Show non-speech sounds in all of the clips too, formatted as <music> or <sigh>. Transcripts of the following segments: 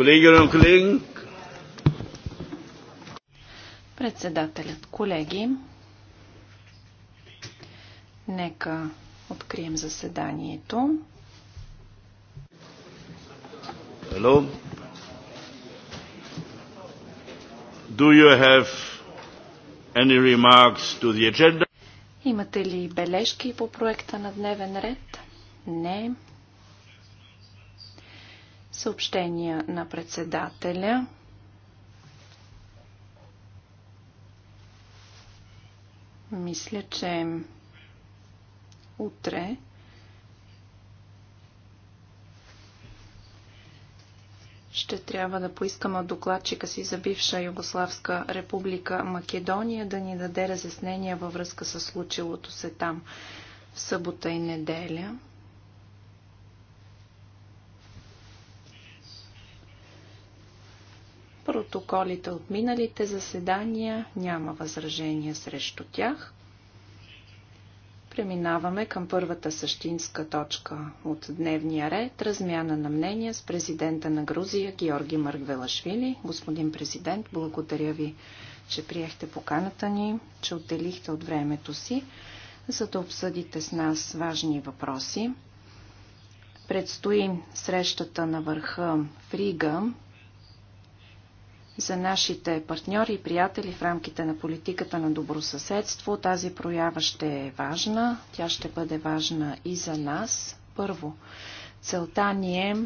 Kolleginnen und Kollegen. Председателят, колеги, нека открием заседанието. Hello. Do you have any remarks to the agenda? Имате ли бележки по проекта на дневен ред? Не. Съобщения на председателя. Мисля, че утре ще трябва да поискаме от докладчика си за бивша Югославска република Македония да ни даде разяснения във връзка с случилото се там в събота и неделя. протоколите от миналите заседания. Няма възражения срещу тях. Преминаваме към първата същинска точка от дневния ред – размяна на мнения с президента на Грузия Георги Маргвелашвили. Господин президент, благодаря ви, че приехте поканата ни, че отделихте от времето си, за да обсъдите с нас важни въпроси. Предстои срещата на върха в Рига за нашите партньори и приятели в рамките на политиката на добросъседство. Тази проява ще е важна. Тя ще бъде важна и за нас. Първо, целта ни е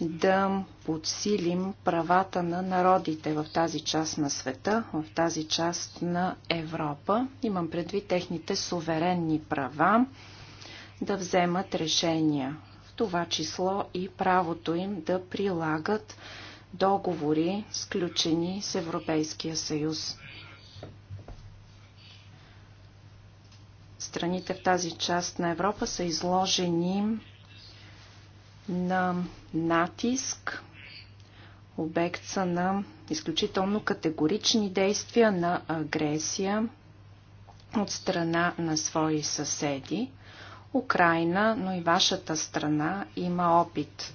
да подсилим правата на народите в тази част на света, в тази част на Европа. Имам предвид техните суверенни права да вземат решения, в това число и правото им да прилагат договори, сключени с Европейския съюз. Страните в тази част на Европа са изложени на натиск, обект са на изключително категорични действия на агресия от страна на свои съседи. Украина, но и вашата страна има опит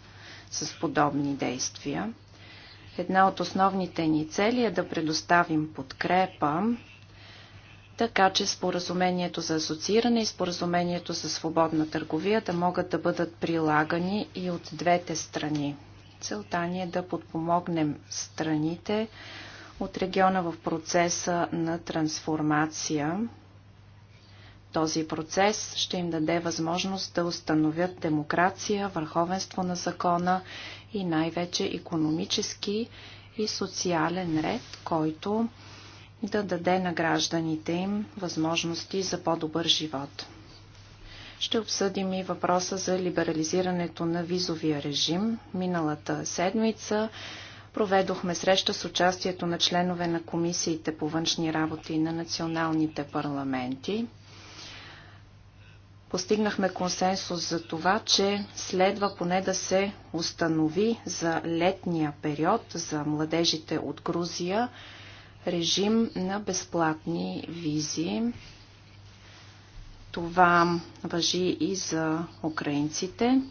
с подобни действия. Една от основните ни цели е да предоставим подкрепа, така че споразумението за асоцииране и споразумението за свободна търговия да могат да бъдат прилагани и от двете страни. Целта ни е да подпомогнем страните от региона в процеса на трансформация. Този процес ще им даде възможност да установят демокрация, върховенство на закона и най-вече економически и социален ред, който да даде на гражданите им възможности за по-добър живот. Ще обсъдим и въпроса за либерализирането на визовия режим. Миналата седмица проведохме среща с участието на членове на комисиите по външни работи на националните парламенти постигнахме консенсус за това, че следва поне да се установи за летния период за младежите от Грузия режим на безплатни визи. Това въжи и за украинците,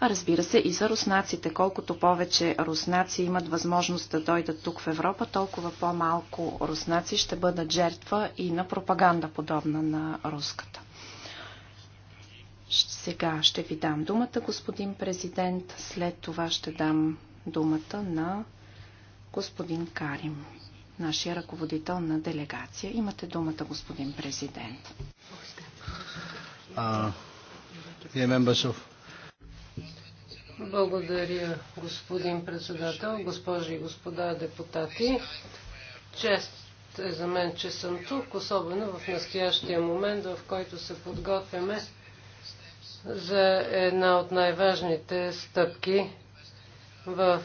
а разбира се и за руснаците. Колкото повече руснаци имат възможност да дойдат тук в Европа, толкова по-малко руснаци ще бъдат жертва и на пропаганда подобна на руската. Сега ще ви дам думата, господин президент. След това ще дам думата на господин Карим, нашия ръководител на делегация. Имате думата, господин президент. Uh, Благодаря, господин председател, госпожи и господа депутати. Чест е за мен, че съм тук, особено в настоящия момент, в който се подготвяме за една от най-важните стъпки в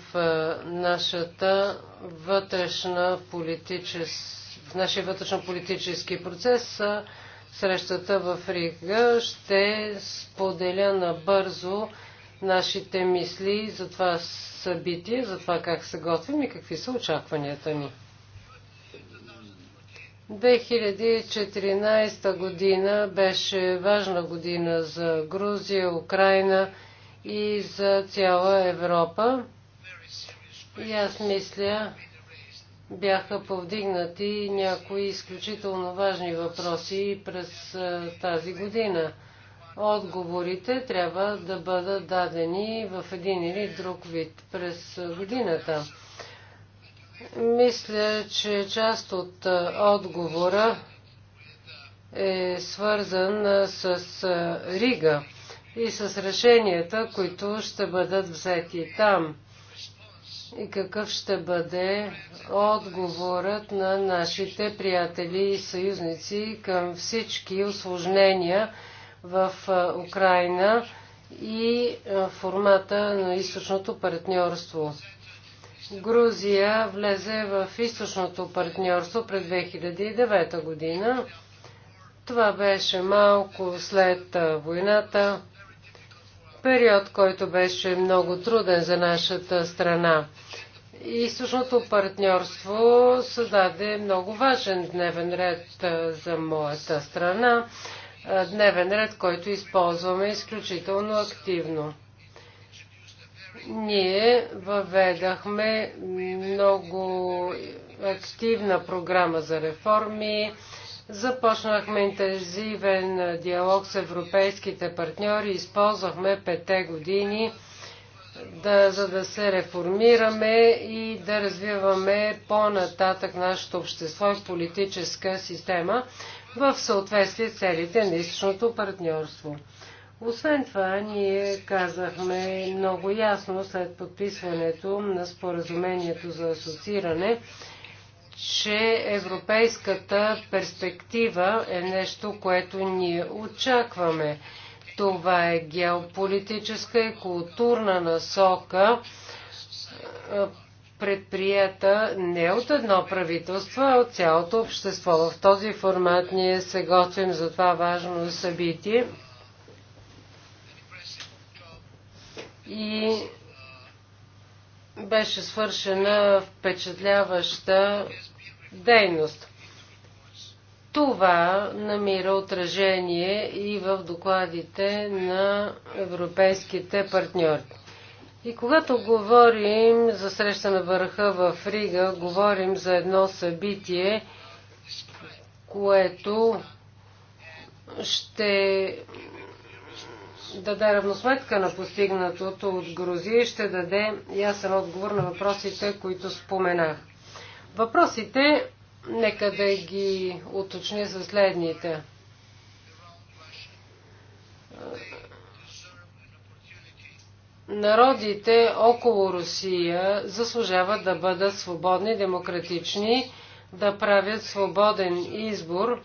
е, нашата вътрешна политическа в нашия вътрешно-политически процес срещата в Рига. Ще споделя набързо нашите мисли за това събитие, за това как се готвим и какви са очакванията ни. 2014 година беше важна година за Грузия, Украина и за цяла Европа. И аз мисля, бяха повдигнати някои изключително важни въпроси през тази година. Отговорите трябва да бъдат дадени в един или друг вид през годината. Мисля, че част от отговора е свързан с Рига и с решенията, които ще бъдат взети там. И какъв ще бъде отговорът на нашите приятели и съюзници към всички осложнения в Украина и формата на източното партньорство. Грузия влезе в източното партньорство през 2009 година. Това беше малко след войната, период, който беше много труден за нашата страна. Източното партньорство създаде много важен дневен ред за моята страна, дневен ред, който използваме изключително активно. Ние въведахме много активна програма за реформи. Започнахме интензивен диалог с европейските партньори. Използвахме пете години да, за да се реформираме и да развиваме по-нататък нашето общество и политическа система в съответствие с целите на източното партньорство. Освен това, ние казахме много ясно след подписването на споразумението за асоцииране, че европейската перспектива е нещо, което ние очакваме. Това е геополитическа и културна насока, предприята не от едно правителство, а от цялото общество. В този формат ние се готвим за това важно събитие. и беше свършена впечатляваща дейност. Това намира отражение и в докладите на европейските партньори. И когато говорим за среща на върха в Рига, говорим за едно събитие, което ще даде равносметка на постигнатото от Грузия и ще даде ясен отговор на въпросите, които споменах. Въпросите, нека да ги уточня за следните. Народите около Русия заслужават да бъдат свободни, демократични, да правят свободен избор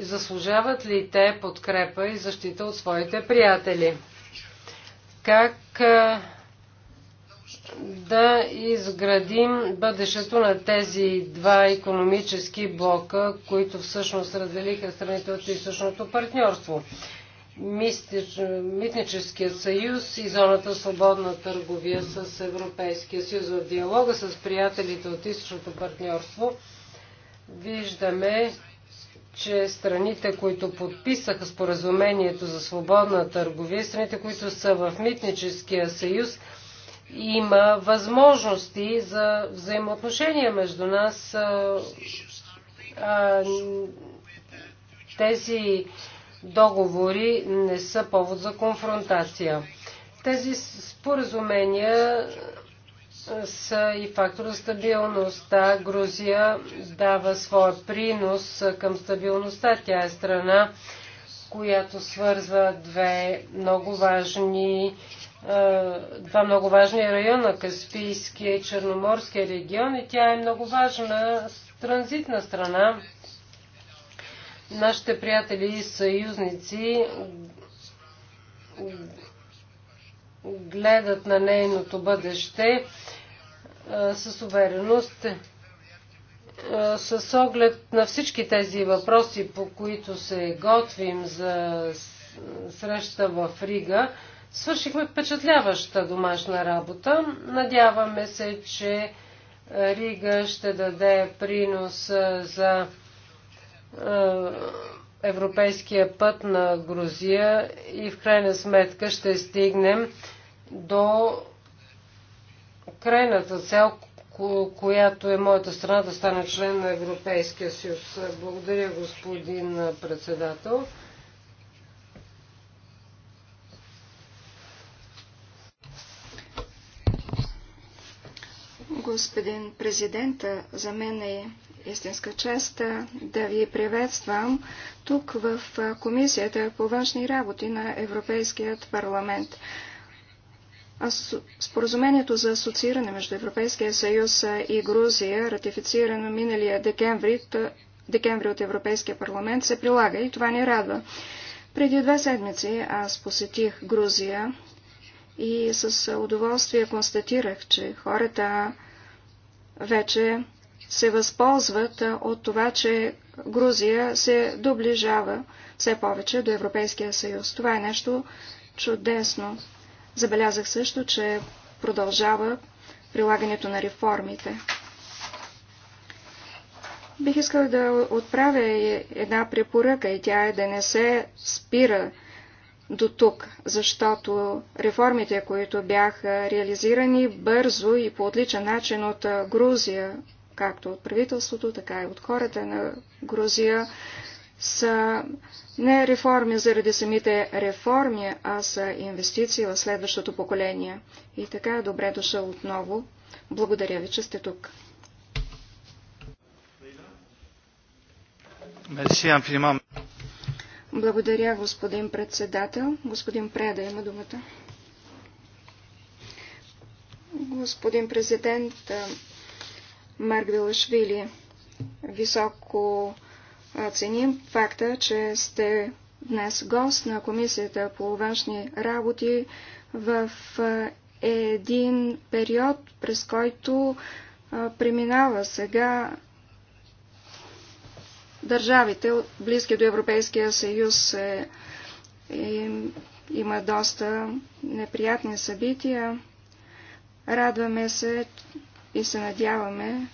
заслужават ли те подкрепа и защита от своите приятели? Как да изградим бъдещето на тези два економически блока, които всъщност разделиха страните от източното партньорство? Митническият съюз и зоната свободна търговия с Европейския съюз в диалога с приятелите от източното партньорство виждаме че страните, които подписаха споразумението за свободна търговия, страните, които са в митническия съюз, има възможности за взаимоотношения между нас. Тези договори не са повод за конфронтация. Тези споразумения са и фактор за стабилността. Грузия дава своя принос към стабилността. Тя е страна, която свързва две много важни два много важни района, Каспийския и Черноморския регион и тя е много важна транзитна страна. Нашите приятели и съюзници гледат на нейното бъдеще с увереност. С оглед на всички тези въпроси, по които се готвим за среща в Рига, свършихме впечатляваща домашна работа. Надяваме се, че Рига ще даде принос за европейския път на Грузия и в крайна сметка ще стигнем до крайната цел, която е моята страна да стане член на Европейския съюз. Благодаря, господин председател. Господин президент, за мен е истинска чест да ви приветствам тук в Комисията по външни работи на Европейският парламент. Споразумението за асоцииране между Европейския съюз и Грузия, ратифицирано миналия декември, декември от Европейския парламент, се прилага и това ни радва. Преди две седмици аз посетих Грузия и с удоволствие констатирах, че хората вече се възползват от това, че Грузия се доближава все повече до Европейския съюз. Това е нещо чудесно. Забелязах също, че продължава прилагането на реформите. Бих искал да отправя една препоръка и тя е да не се спира до тук, защото реформите, които бяха реализирани бързо и по отличен начин от Грузия, както от правителството, така и от хората на Грузия, са не реформи заради самите реформи, а са инвестиции в следващото поколение. И така, добре дошъл отново. Благодаря ви, че сте тук. Благодаря, господин председател. Господин Преда има думата. Господин президент Марк Вилашвили, високо ценим факта, че сте днес гост на Комисията по външни работи в един период, през който преминава сега държавите, близки до Европейския съюз, е, е, има доста неприятни събития. Радваме се и се надяваме,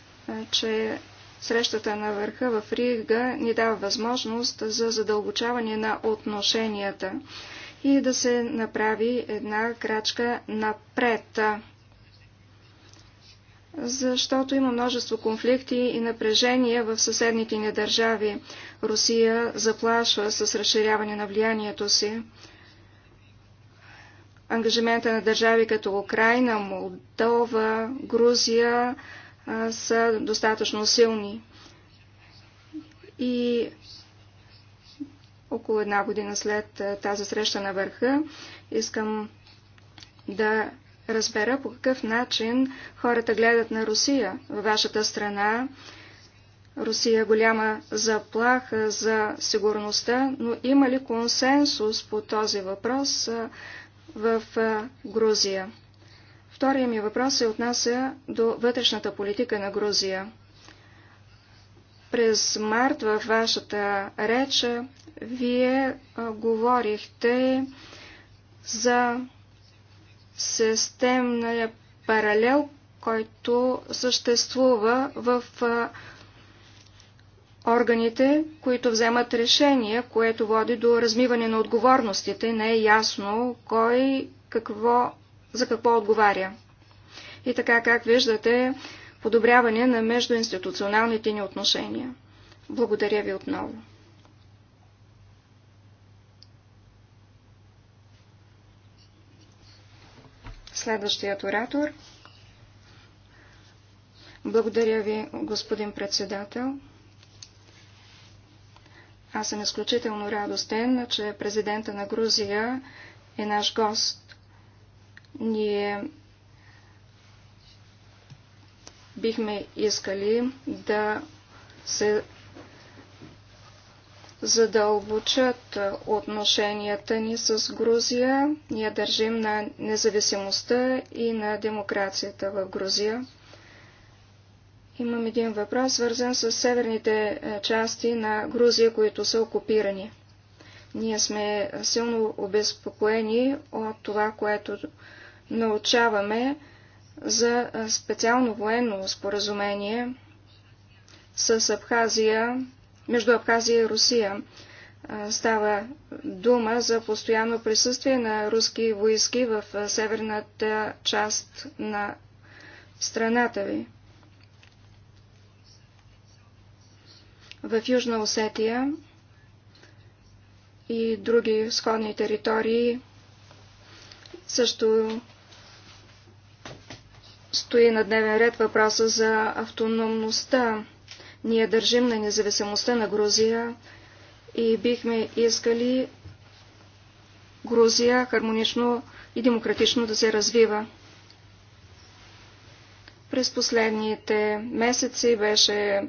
че Срещата на върха в Рига ни дава възможност за задълбочаване на отношенията и да се направи една крачка напред. Защото има множество конфликти и напрежения в съседните ни държави. Русия заплашва с разширяване на влиянието си. Ангажимента на държави като Украина, Молдова, Грузия, са достатъчно силни. И около една година след тази среща на върха искам да разбера по какъв начин хората гледат на Русия. Във вашата страна Русия е голяма заплаха за сигурността, но има ли консенсус по този въпрос в Грузия? Втория ми въпрос се отнася до вътрешната политика на Грузия. През март във вашата реч вие говорихте за системния паралел, който съществува в органите, които вземат решения, което води до размиване на отговорностите. Не е ясно кой какво за какво отговаря. И така, как виждате, подобряване на междуинституционалните ни отношения. Благодаря ви отново. Следващият оратор. Благодаря ви, господин председател. Аз съм изключително радостен, че президента на Грузия е наш гост. Ние бихме искали да се задълбочат отношенията ни с Грузия. Ние държим на независимостта и на демокрацията в Грузия. Имам един въпрос, свързан с северните е, части на Грузия, които са окупирани. Ние сме силно обезпокоени от това, което научаваме за специално военно споразумение с Абхазия, между Абхазия и Русия. Става дума за постоянно присъствие на руски войски в северната част на страната ви. В Южна Осетия и други сходни територии също стои на дневен ред въпроса за автономността. Ние държим на независимостта на Грузия и бихме искали Грузия хармонично и демократично да се развива. През последните месеци беше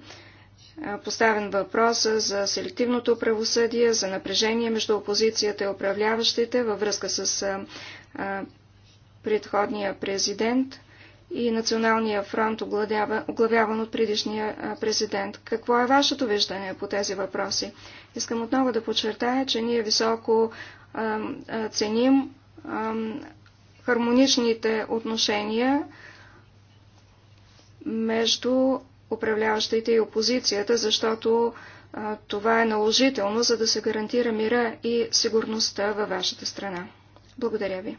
поставен въпроса за селективното правосъдие, за напрежение между опозицията и управляващите във връзка с предходния президент и Националния фронт, оглавяван от предишния президент. Какво е вашето виждане по тези въпроси? Искам отново да подчертая, че ние високо ценим хармоничните отношения между управляващите и опозицията, защото това е наложително, за да се гарантира мира и сигурността във вашата страна. Благодаря ви.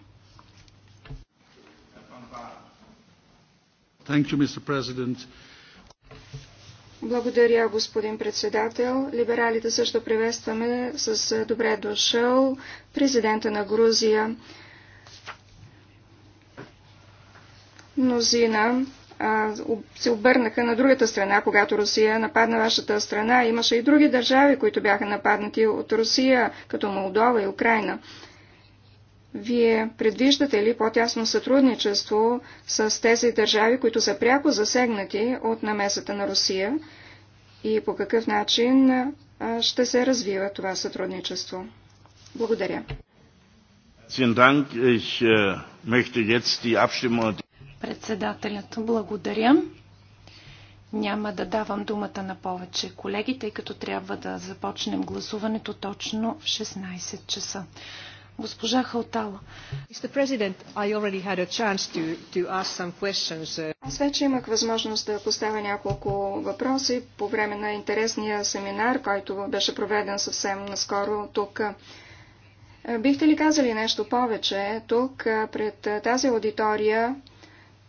Thank you, Mr. President. Благодаря, господин председател. Либералите също приветстваме с е, добре дошъл президента на Грузия. Мнозина се обърнаха на другата страна, когато Русия нападна вашата страна. Имаше и други държави, които бяха нападнати от Русия, като Молдова и Украина. Вие предвиждате ли по-тясно сътрудничество с тези държави, които са пряко засегнати от намесата на Русия и по какъв начин ще се развива това сътрудничество? Благодаря. Äh, Председателят, благодаря. Няма да давам думата на повече колеги, тъй като трябва да започнем гласуването точно в 16 часа. Госпожа Халтала. Uh, Аз вече имах възможност да поставя няколко въпроси по време на интересния семинар, който беше проведен съвсем наскоро тук. Е, бихте ли казали нещо повече тук е, пред е, тази аудитория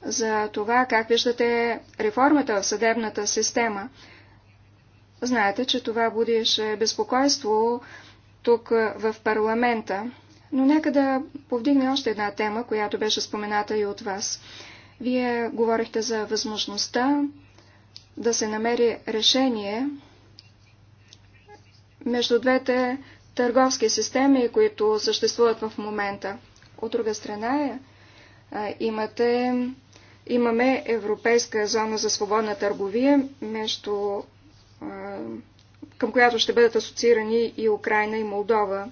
за това как виждате реформата в съдебната система? Знаете, че това будеше безпокойство тук в парламента. Но нека да повдигне още една тема, която беше спомената и от вас. Вие говорихте за възможността да се намери решение между двете търговски системи, които съществуват в момента. От друга страна е, имате, имаме Европейска зона за свободна търговия, между, към която ще бъдат асоциирани и Украина и Молдова.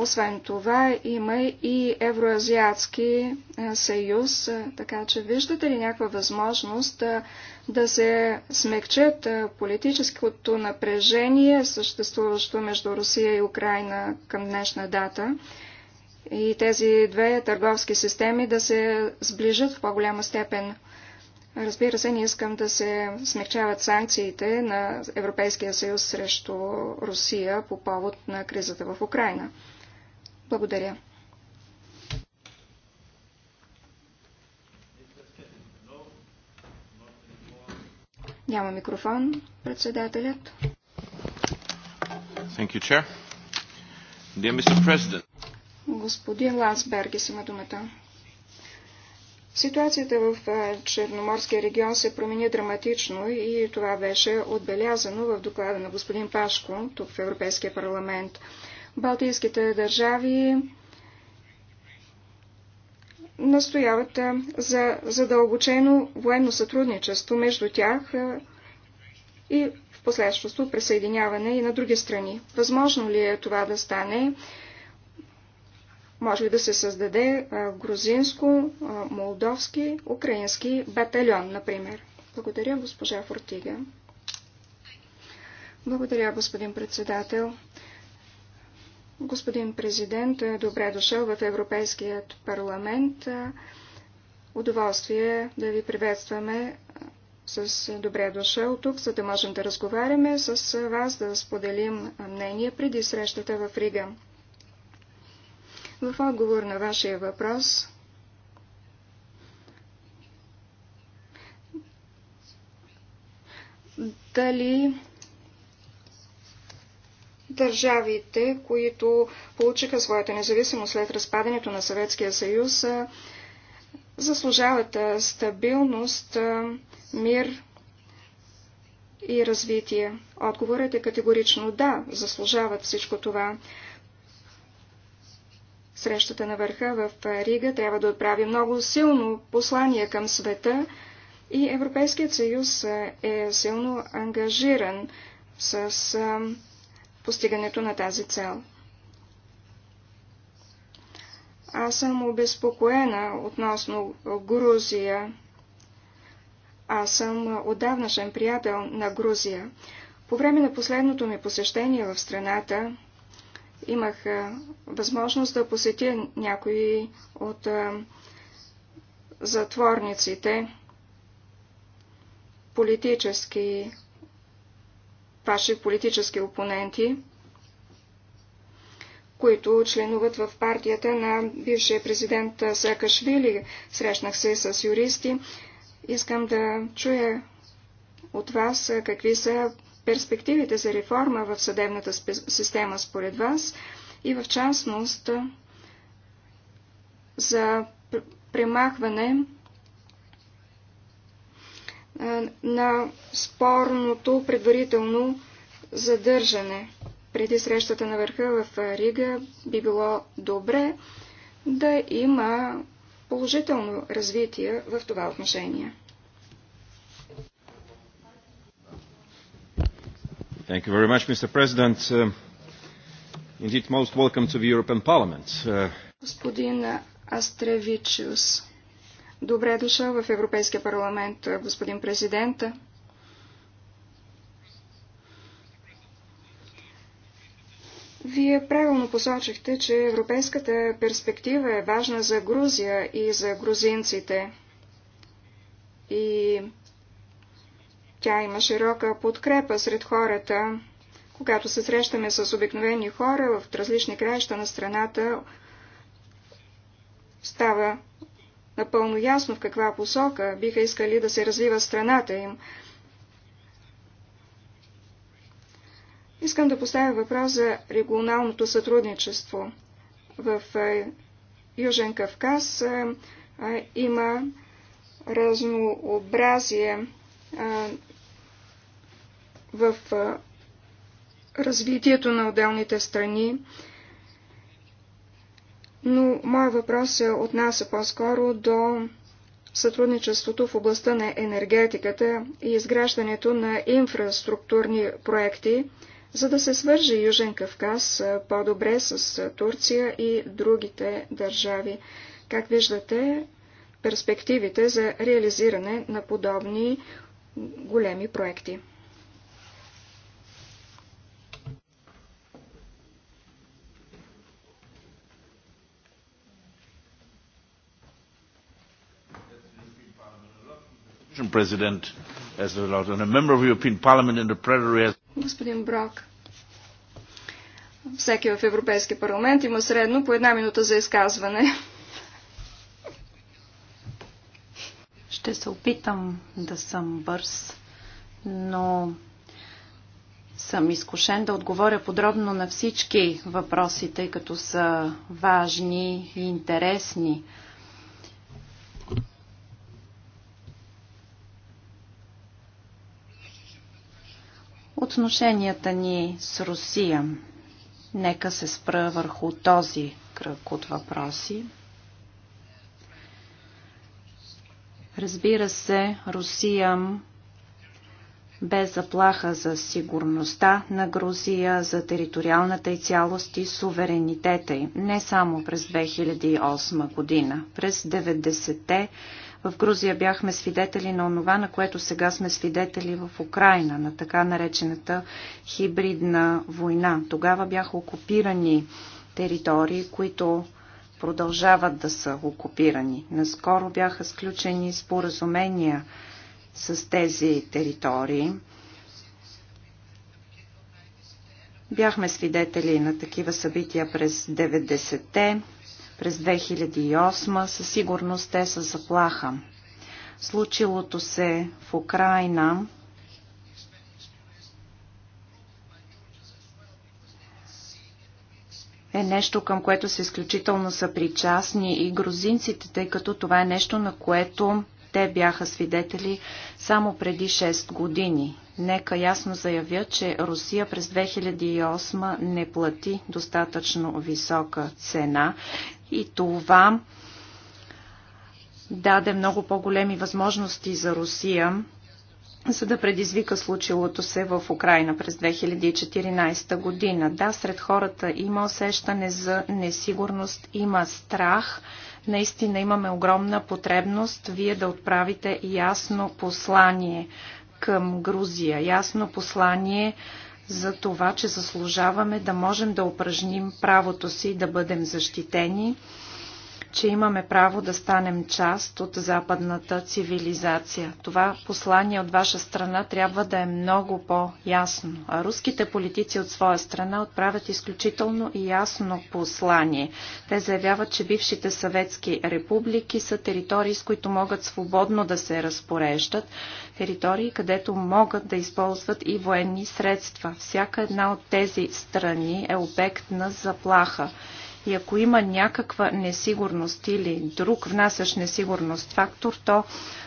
Освен това има и Евроазиатски е, съюз, е, така че виждате ли някаква възможност да, е, да се смекчат политическото напрежение, съществуващо между Русия и Украина към днешна дата, и тези две търговски системи да се сближат в по-голяма степен. Разбира се, не искам да се смягчават санкциите на Европейския съюз срещу Русия по повод на кризата в Украина. Благодаря. Няма микрофон. Председателят. Thank you, Chair. Dear Mr. President. Господин е има думата. Ситуацията в Черноморския регион се промени драматично и това беше отбелязано в доклада на господин Пашко тук в Европейския парламент. Балтийските държави настояват за задълбочено военно сътрудничество между тях и в последствието присъединяване и на други страни. Възможно ли е това да стане? Може ли да се създаде грузинско, молдовски, украински батальон, например? Благодаря, госпожа Фортига. Благодаря, господин председател. Господин президент, добре дошъл в Европейският парламент. Удоволствие да ви приветстваме с добре дошъл тук, за да можем да разговаряме с вас, да споделим мнение преди срещата в Рига. В отговор на вашия въпрос, дали държавите, които получиха своята независимост след разпадането на Съветския съюз, заслужават стабилност, мир и развитие. Отговорът е категорично да, заслужават всичко това. Срещата на върха в Рига трябва да отправи много силно послание към света и Европейският съюз е силно ангажиран с постигането на тази цел. Аз съм обезпокоена относно Грузия. Аз съм отдавнашен приятел на Грузия. По време на последното ми посещение в страната имах възможност да посетя някои от затворниците, политически ваши политически опоненти, които членуват в партията на бившия президент Саакашвили. Срещнах се с юристи. Искам да чуя от вас какви са перспективите за реформа в съдебната система според вас и в частност за премахване на спорното предварително задържане. Преди срещата на върха в Рига би било добре да има положително развитие в това отношение. Thank you very much, Mr. President. Uh, indeed, most welcome to the European Parliament. Uh... Господин Астревичиус, Добре е дошъл в Европейския парламент, господин президент. Вие правилно посочихте, че европейската перспектива е важна за Грузия и за грузинците. И тя има широка подкрепа сред хората. Когато се срещаме с обикновени хора в различни краища на страната, става напълно ясно в каква посока биха искали да се развива страната им. Искам да поставя въпрос за регионалното сътрудничество. В Южен Кавказ има разнообразие в развитието на отделните страни. Но моят въпрос се отнася по-скоро до сътрудничеството в областта на енергетиката и изграждането на инфраструктурни проекти, за да се свържи Южен Кавказ по-добре с Турция и другите държави. Как виждате перспективите за реализиране на подобни големи проекти? Господин Брок, всеки в Европейски парламент има средно по една минута за изказване. Ще се опитам да съм бърз, но съм изкушен да отговоря подробно на всички въпроси, тъй като са важни и интересни. отношенията ни с Русия. Нека се спра върху този кръг от въпроси. Разбира се, Русия бе заплаха за сигурността на Грузия, за териториалната и цялост и суверенитета й, не само през 2008 година. През 90-те в Грузия бяхме свидетели на онова, на което сега сме свидетели в Украина, на така наречената хибридна война. Тогава бяха окупирани територии, които продължават да са окупирани. Наскоро бяха сключени споразумения с тези територии. Бяхме свидетели на такива събития през 90-те, през 2008, със сигурност те са заплаха. Случилото се в Украина е нещо, към което са изключително съпричастни и грузинците, тъй като това е нещо, на което те бяха свидетели само преди 6 години. Нека ясно заявя, че Русия през 2008 не плати достатъчно висока цена и това даде много по-големи възможности за Русия, за да предизвика случилото се в Украина през 2014 година. Да, сред хората има усещане за несигурност, има страх. Наистина имаме огромна потребност вие да отправите ясно послание към Грузия, ясно послание за това, че заслужаваме да можем да упражним правото си да бъдем защитени че имаме право да станем част от западната цивилизация. Това послание от ваша страна трябва да е много по-ясно. А руските политици от своя страна отправят изключително и ясно послание. Те заявяват, че бившите съветски републики са територии, с които могат свободно да се разпореждат, територии, където могат да използват и военни средства. Всяка една от тези страни е обект на заплаха. И ако има някаква несигурност или друг внасящ несигурност фактор, то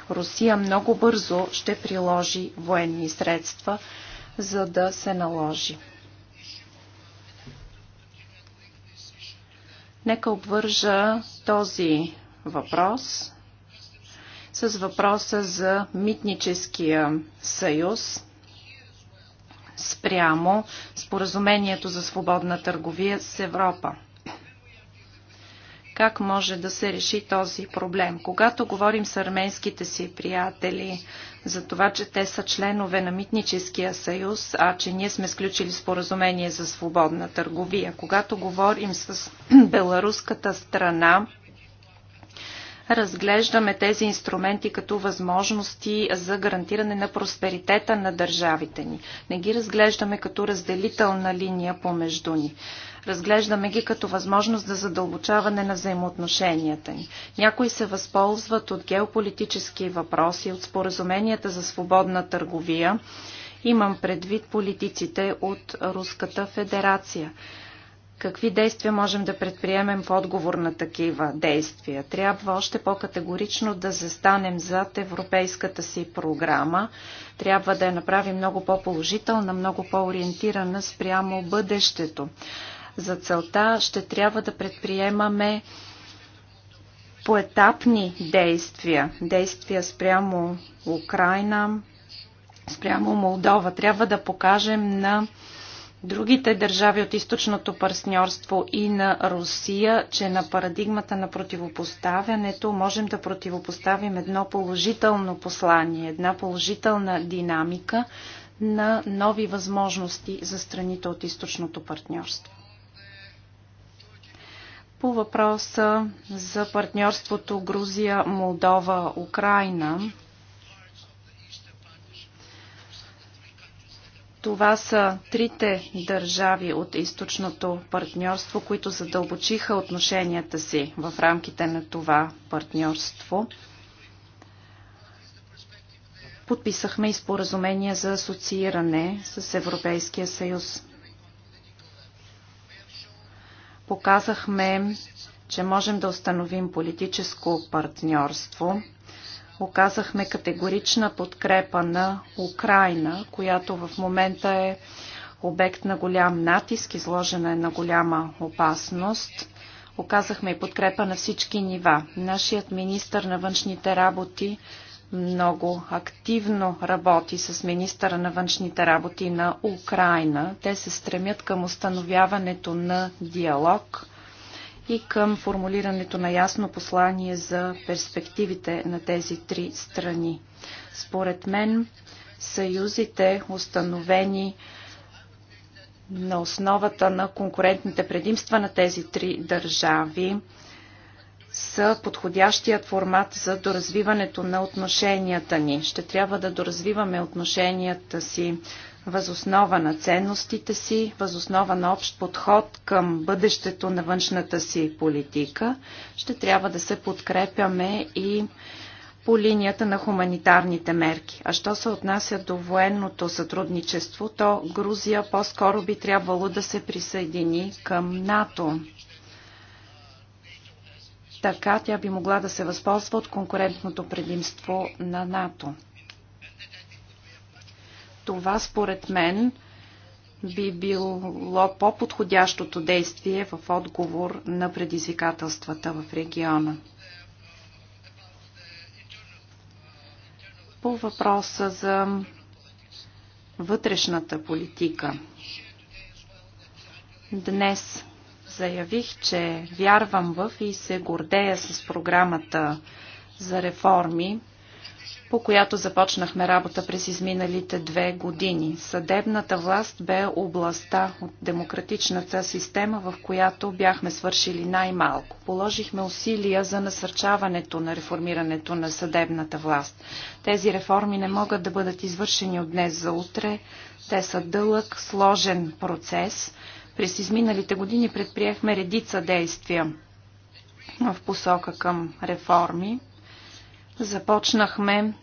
Русия много бързо ще приложи военни средства, за да се наложи. Нека обвържа този въпрос с въпроса за митническия съюз спрямо споразумението за свободна търговия с Европа как може да се реши този проблем. Когато говорим с арменските си приятели за това, че те са членове на Митническия съюз, а че ние сме сключили споразумение за свободна търговия, когато говорим с <clears throat> беларуската страна, разглеждаме тези инструменти като възможности за гарантиране на просперитета на държавите ни. Не ги разглеждаме като разделителна линия помежду ни. Разглеждаме ги като възможност за задълбочаване на взаимоотношенията ни. Някои се възползват от геополитически въпроси, от споразуменията за свободна търговия. Имам предвид политиците от Руската федерация. Какви действия можем да предприемем в отговор на такива действия? Трябва още по-категорично да застанем зад европейската си програма. Трябва да я направим много по-положителна, много по-ориентирана спрямо бъдещето. За целта ще трябва да предприемаме поетапни действия. Действия спрямо Украина, спрямо Молдова. Трябва да покажем на другите държави от източното партньорство и на Русия, че на парадигмата на противопоставянето можем да противопоставим едно положително послание, една положителна динамика на нови възможности за страните от източното партньорство. По въпроса за партньорството Грузия, Молдова, Украина, Това са трите държави от източното партньорство, които задълбочиха отношенията си в рамките на това партньорство. Подписахме и споразумение за асоцииране с Европейския съюз. Показахме, че можем да установим политическо партньорство – оказахме категорична подкрепа на Украина, която в момента е обект на голям натиск, изложена е на голяма опасност. Оказахме и подкрепа на всички нива. Нашият министр на външните работи много активно работи с министъра на външните работи на Украина. Те се стремят към установяването на диалог – и към формулирането на ясно послание за перспективите на тези три страни. Според мен, съюзите, установени на основата на конкурентните предимства на тези три държави, са подходящият формат за доразвиването на отношенията ни. Ще трябва да доразвиваме отношенията си възоснова на ценностите си, възоснова на общ подход към бъдещето на външната си политика. Ще трябва да се подкрепяме и по линията на хуманитарните мерки. А що се отнася до военното сътрудничество, то Грузия по-скоро би трябвало да се присъедини към НАТО. Така тя би могла да се възползва от конкурентното предимство на НАТО. Това според мен би било по-подходящото действие в отговор на предизвикателствата в региона. По въпроса за вътрешната политика. Днес заявих, че вярвам в и се гордея с програмата за реформи, по която започнахме работа през изминалите две години. Съдебната власт бе областта от демократичната система, в която бяхме свършили най-малко. Положихме усилия за насърчаването на реформирането на съдебната власт. Тези реформи не могат да бъдат извършени от днес за утре. Те са дълъг, сложен процес. През изминалите години предприехме редица действия в посока към реформи. Започнахме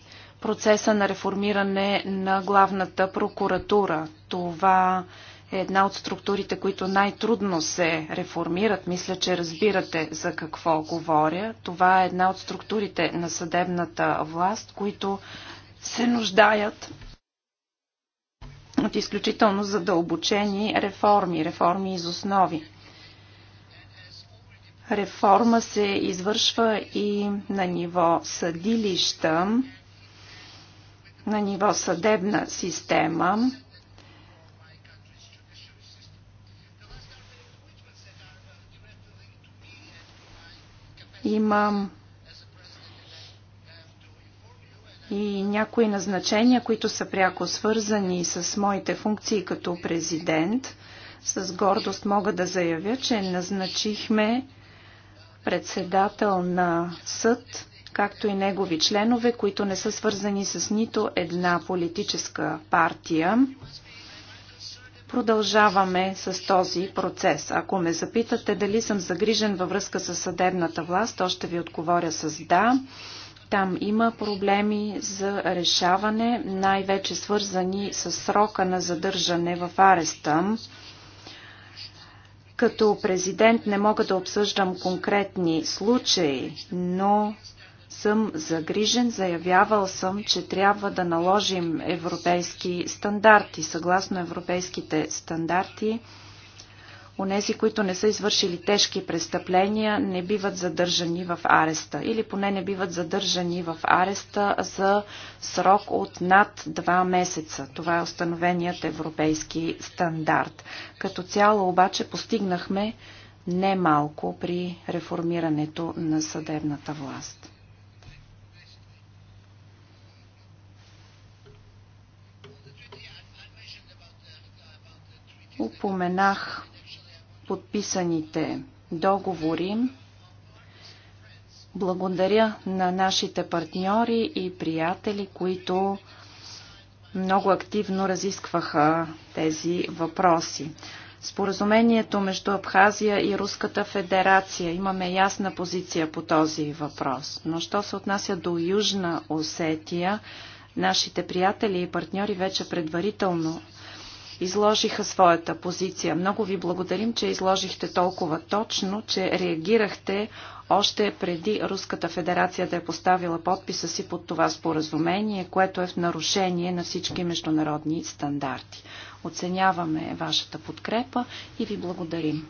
процеса на реформиране на главната прокуратура. Това е една от структурите, които най-трудно се реформират. Мисля, че разбирате за какво говоря. Това е една от структурите на съдебната власт, които се нуждаят от изключително задълбочени реформи, реформи из основи. Реформа се извършва и на ниво съдилища, на ниво съдебна система. Имам и някои назначения, които са пряко свързани с моите функции като президент. С гордост мога да заявя, че назначихме председател на съд, както и негови членове, които не са свързани с нито една политическа партия. Продължаваме с този процес. Ако ме запитате дали съм загрижен във връзка с съдебната власт, то ще ви отговоря с да. Там има проблеми за решаване, най-вече свързани с срока на задържане в ареста. Като президент не мога да обсъждам конкретни случаи, но съм загрижен, заявявал съм, че трябва да наложим европейски стандарти. Съгласно европейските стандарти, Онези, които не са извършили тежки престъпления, не биват задържани в ареста или поне не биват задържани в ареста за срок от над 2 месеца. Това е установеният европейски стандарт. Като цяло обаче постигнахме немалко при реформирането на съдебната власт. Упоменах подписаните договори. Благодаря на нашите партньори и приятели, които много активно разискваха тези въпроси. Споразумението между Абхазия и Руската федерация. Имаме ясна позиция по този въпрос. Но що се отнася до Южна Осетия, нашите приятели и партньори вече предварително изложиха своята позиция. Много ви благодарим, че изложихте толкова точно, че реагирахте още преди Руската федерация да е поставила подписа си под това споразумение, което е в нарушение на всички международни стандарти. Оценяваме вашата подкрепа и ви благодарим.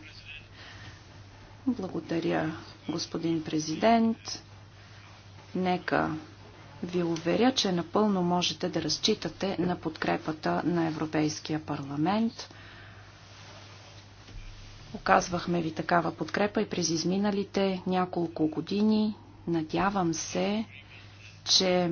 Благодаря, господин президент. Нека ви уверя, че напълно можете да разчитате на подкрепата на Европейския парламент. Оказвахме ви такава подкрепа и през изминалите няколко години. Надявам се, че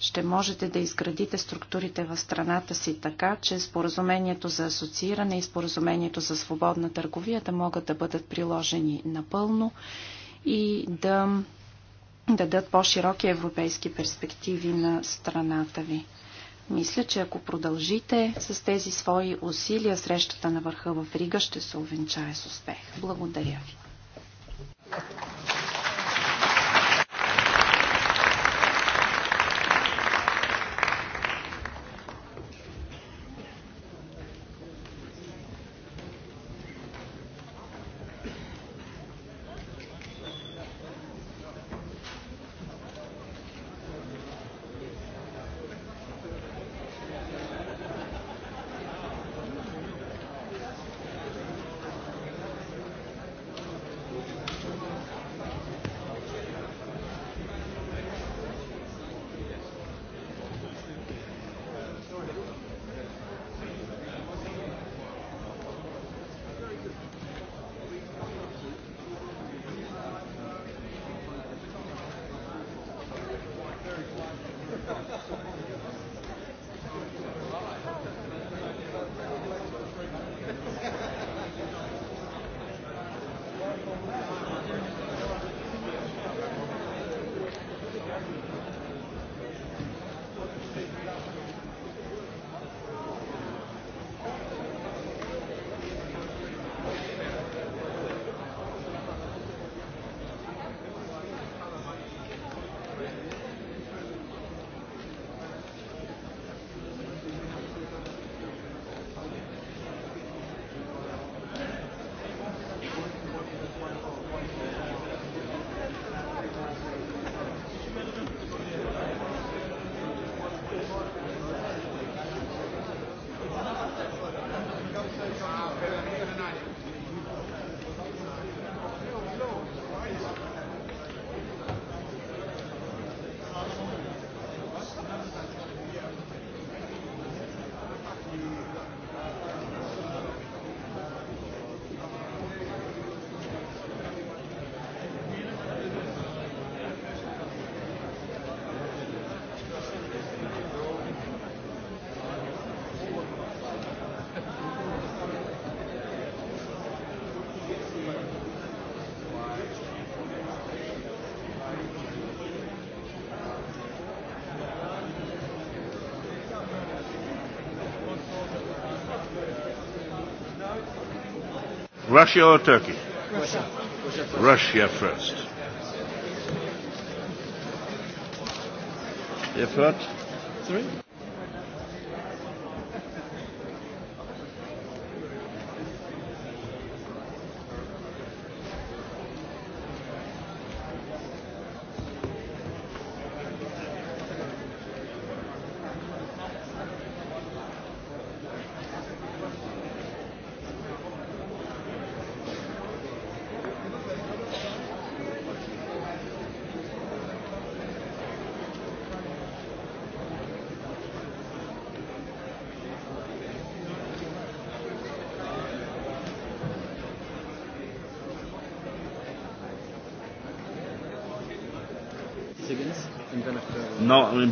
ще можете да изградите структурите в страната си така, че споразумението за асоцииране и споразумението за свободна търговия да могат да бъдат приложени напълно и да дадат по-широки европейски перспективи на страната ви. Мисля, че ако продължите с тези свои усилия, срещата на върха в Рига ще се увенчае с успех. Благодаря ви. Russia or Turkey? Russia. Russia first. Ihr Sorry?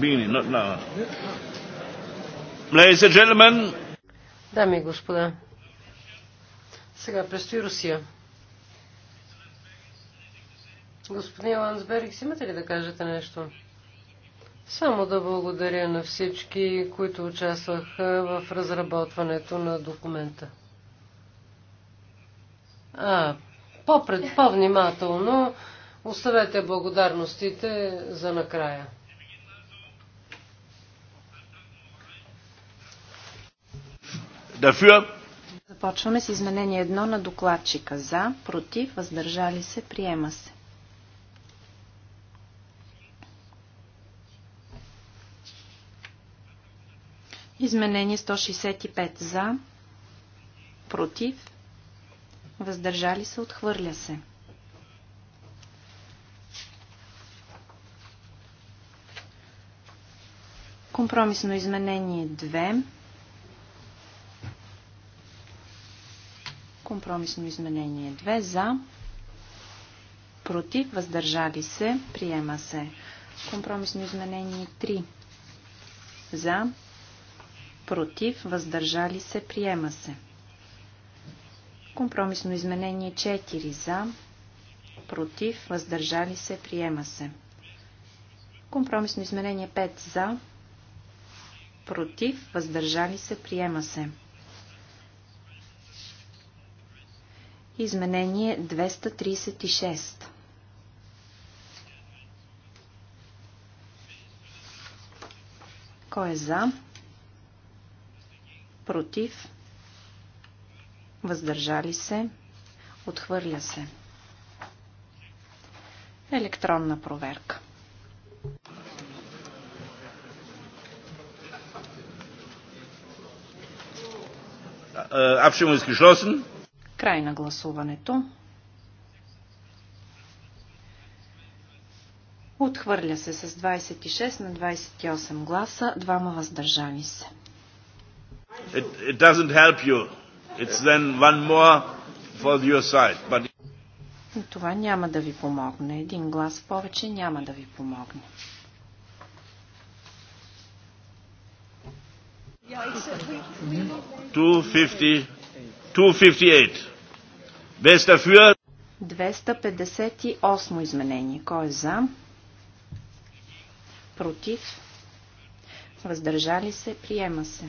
Beanie, Ladies and gentlemen. Дами и господа, сега предстои Русия. Господин Лансберг, имате ли да кажете нещо? Само да благодаря на всички, които участваха в разработването на документа. А, по-внимателно оставете благодарностите за накрая. Dafür. Започваме с изменение 1 на докладчика. За, против, въздържали се, приема се. Изменение 165 за, против, въздържали се, отхвърля се. Компромисно изменение 2 Компромисно изменение 2 за. Против. Въздържали се. Приема се. Компромисно изменение 3 за. Против. Въздържали се. Приема се. Компромисно изменение 4 за. Против. Въздържали се. Приема се. Компромисно изменение 5 за. Против. Въздържали се. Приема се. Изменение 236. Кой е за? Против? Въздържали се? Отхвърля се. Електронна проверка. Abstimmung е, ist е, Край на гласуването. Отхвърля се с 26 на 28 гласа, двама въздържани се. Това няма да ви помогне. Един глас повече няма да ви помогне. Yeah, 250, 258. 258 изменение. Кой е за? Против? Въздържали се? Приема се.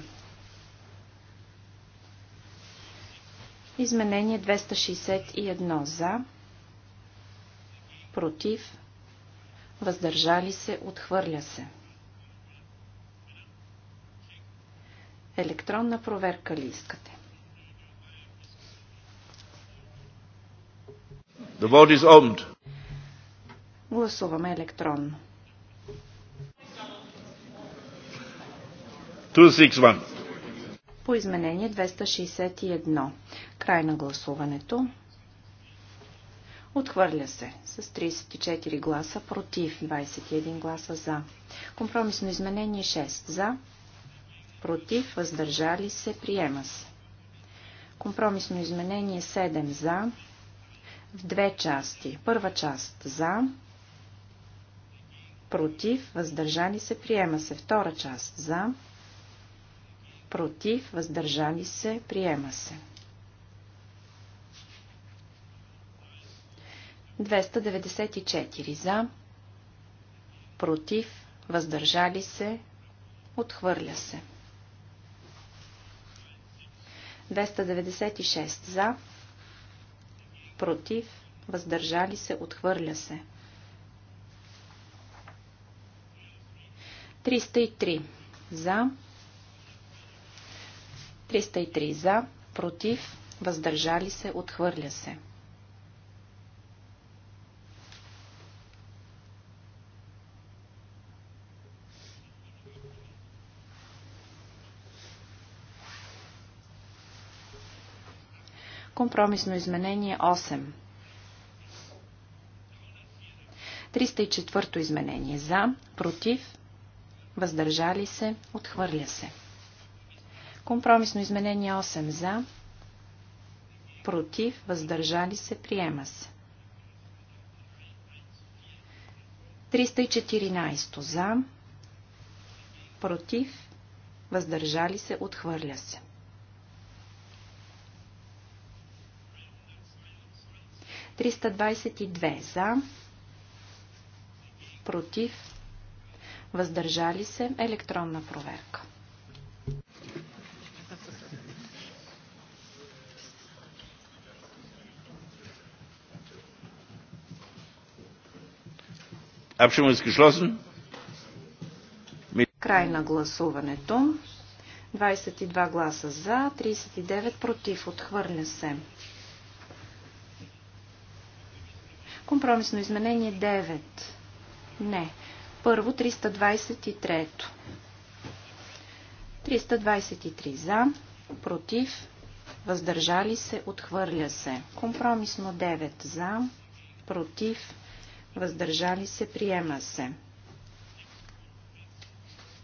Изменение 261 за, против, въздържали се, отхвърля се. Електронна проверка ли искате? The vote is opened. Гласуваме електронно. 261. По изменение 261. Край на гласуването. Отхвърля се с 34 гласа против, 21 гласа за. Компромисно изменение 6 за, против, въздържали се, приема се. Компромисно изменение 7 за, в две части. Първа част за, против, въздържани се, приема се. Втора част за, против, въздържани се, приема се. 294 за, против, въздържали се, отхвърля се. 296 за, против, въздържали се, отхвърля се. 303 за, 303 за, против, въздържали се, отхвърля се. 304 Компромисно изменение 8. 304 изменение за, против, въздържали се, отхвърля се. Компромисно изменение 8 за, против, въздържали се, приема се. 314 за, против, въздържали се, отхвърля се. 322 за, против, въздържали се, електронна проверка. Е Край на гласуването. 22 гласа за, 39 против. Отхвърля се. Компромисно изменение 9. Не. Първо 323. 323 за, против, въздържали се, отхвърля се. Компромисно 9 за, против, въздържали се, приема се.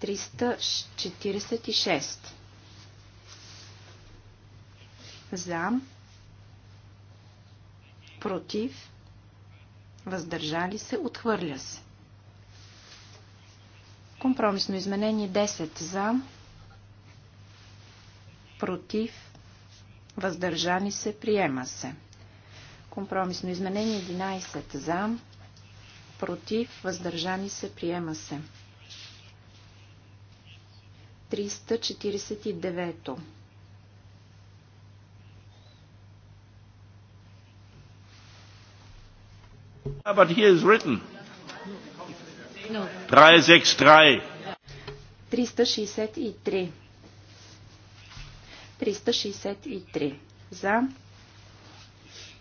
346 за, против, въздържали се, отхвърля се. Компромисно изменение 10 за, против, въздържани се, приема се. Компромисно изменение 11 за, против, въздържани се, приема се. 349 But here is written. 363. 363. 363. За.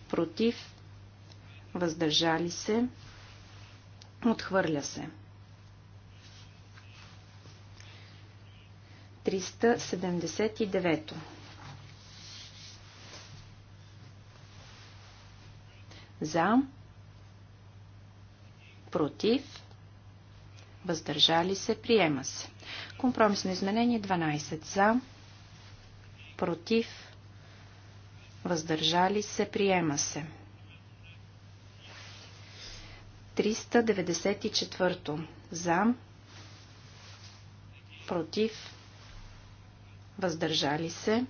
Против. Въздържали се. Отхвърля се. 379. За против, въздържали се, приема се. Компромисно изменение 12 за, против, въздържали се, приема се. 394 за, против, въздържали се,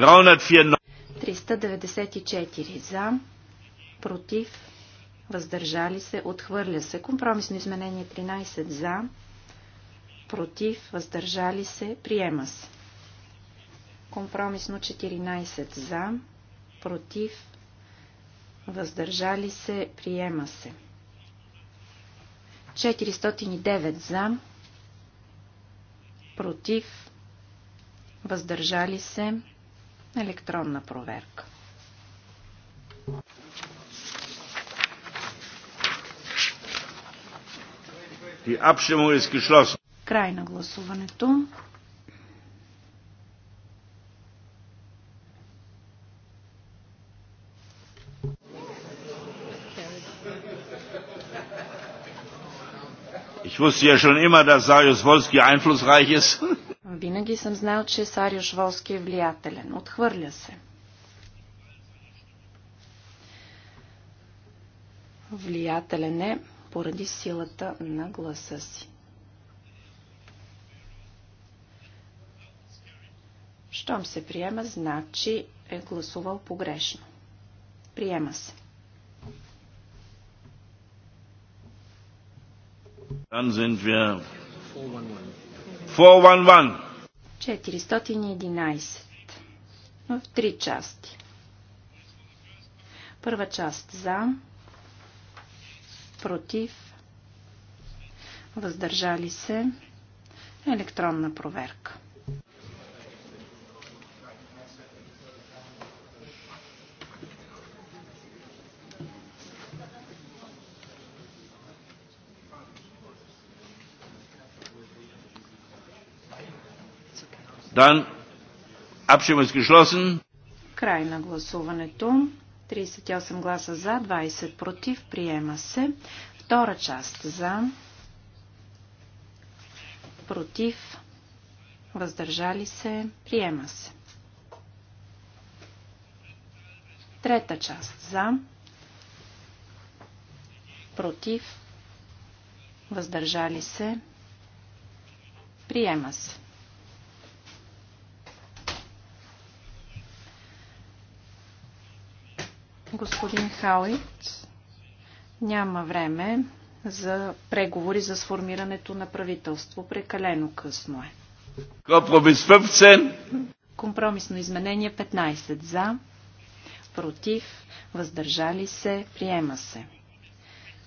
394 за, против, въздържали се, отхвърля се. Компромисно изменение 13 за, против, въздържали се, приема се. Компромисно 14 за, против, въздържали се, приема се. 409 за, против, въздържали се, Електронна проверка. Край на гласуването. Ich wusste ja schon immer, dass Sajus Wolski einflussreich ist. Винаги съм знал, че Сариош Волски е влиятелен. Отхвърля се. Влиятелен е поради силата на гласа си. Щом се приема, значи е гласувал погрешно. Приема се. Dann sind wir 411. 411. 411 в три части. Първа част за, против, въздържали се, електронна проверка. Dann Abstimmung ist geschlossen. Край на гласуването. 38 гласа за, 20 против. Приема се. Втора част за. Против. Въздържали се. Приема се. Трета част за. Против. Въздържали се. Приема се. Господин Хауит, няма време за преговори за сформирането на правителство. Прекалено късно е. Компромис 15. Компромисно изменение 15. За, против, въздържали се, приема се.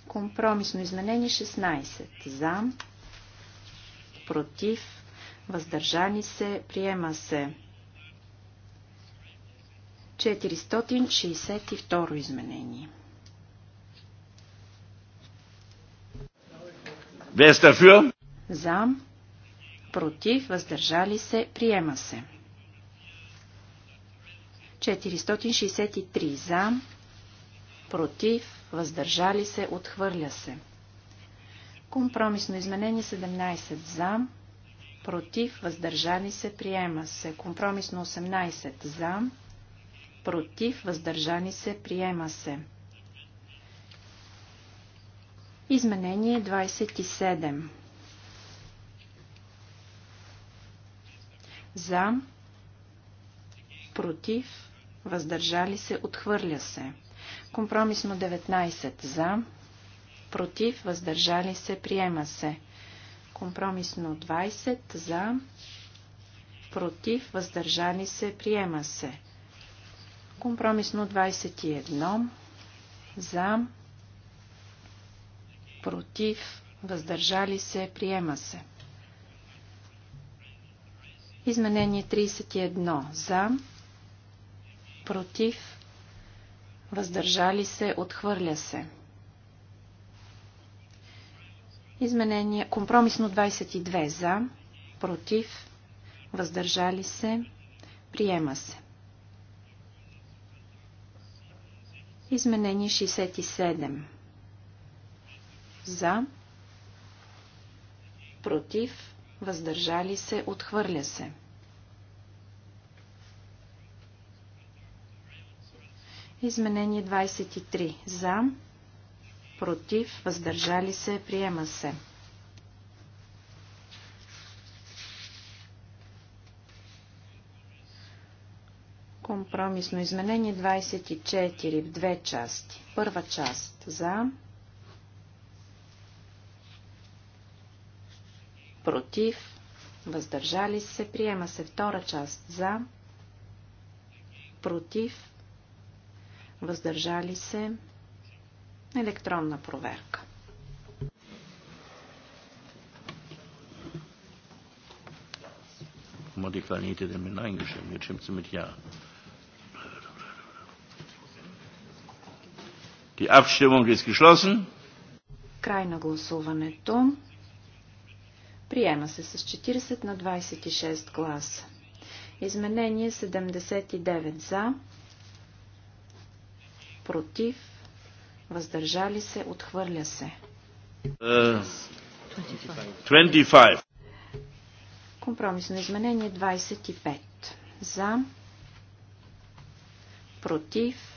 Компромисно изменение 16. За, против, въздържани се, приема се. 462 изменение. За, против, въздържали се, приема се. 463 за, против, въздържали се, отхвърля се. Компромисно изменение 17 за, против, въздържали се, приема се. Компромисно 18 за, против, въздържани се, приема се. Изменение 27. За, против, въздържали се, отхвърля се. Компромисно 19. За, против, въздържали се, приема се. Компромисно 20. За, против, въздържали се, приема се. Компромисно 21 за, против, въздържали се, приема се. Изменение 31 за, против, въздържали се, отхвърля се. Изменение компромисно 22 за, против, въздържали се, приема се. Изменение 67. За. Против. Въздържали се. Отхвърля се. Изменение 23. За. Против. Въздържали се. Приема се. Компромисно изменение 24 в две части. Първа част за, против, въздържали се, приема се втора част за, против, въздържали се, електронна проверка. Die Qualität mit Nein gestimmt? Jetzt stimmt sie mit Ja. Die Abstimmung ist geschlossen. Край на гласуването. Приема се с 40 на 26 гласа. Изменение 79 за, против, въздържали се, отхвърля се. Uh, 25. Компромисно изменение 25. За, против,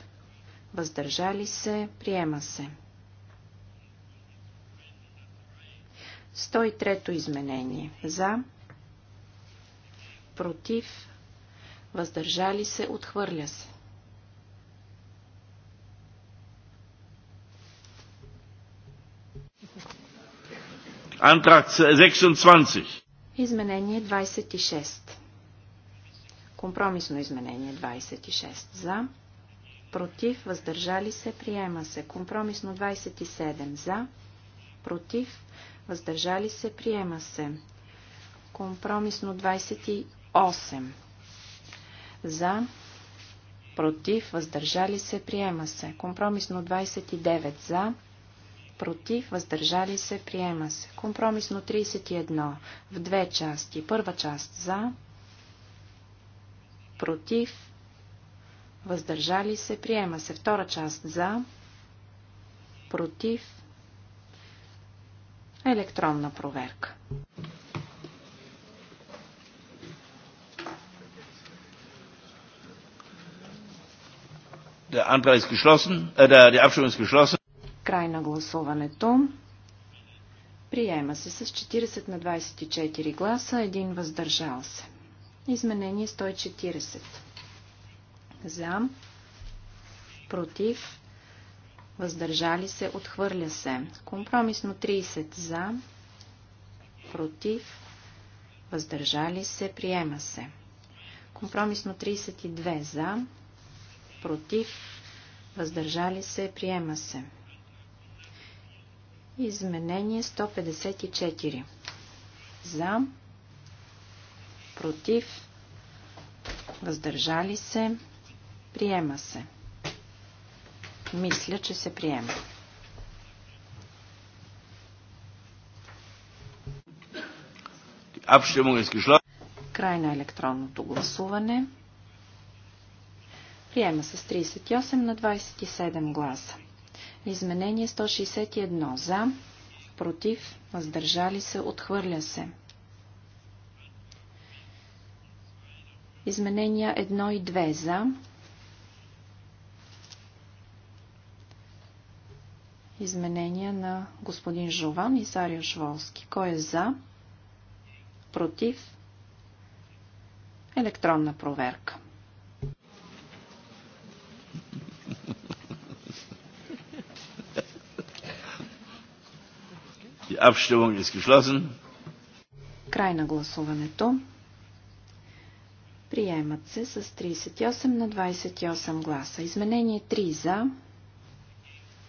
въздържали се, приема се. 103-то изменение. За, против, въздържали се, отхвърля се. Антракт 26. Изменение 26. Компромисно изменение 26. За против, въздържали се, приема се. Компромисно 27 за, против, въздържали се, приема се. Компромисно 28 за, против, въздържали се, приема се. Компромисно 29 за, против, въздържали се, приема се. Компромисно 31 в две части. Първа част за, против, въздържали се, приема се. Втора част за, против, електронна проверка. Äh, Край на гласуването. Приема се с 40 на 24 гласа, един въздържал се. Изменение 140 за, против, въздържали се, отхвърля се. Компромисно 30 за, против, въздържали се, приема се. Компромисно 32 за, против, въздържали се, приема се. Изменение 154 за, против, въздържали се, Приема се. Мисля, че се приема. Край на електронното гласуване. Приема се с 38 на 27 гласа. Изменение 161 за, против, въздържали се, отхвърля се. Изменения 1 и 2 за, изменения на господин Жован и Сарио Шволски. Кой е за? Против? Електронна проверка. Край на гласуването. Приемат се с 38 на 28 гласа. Изменение 3 за,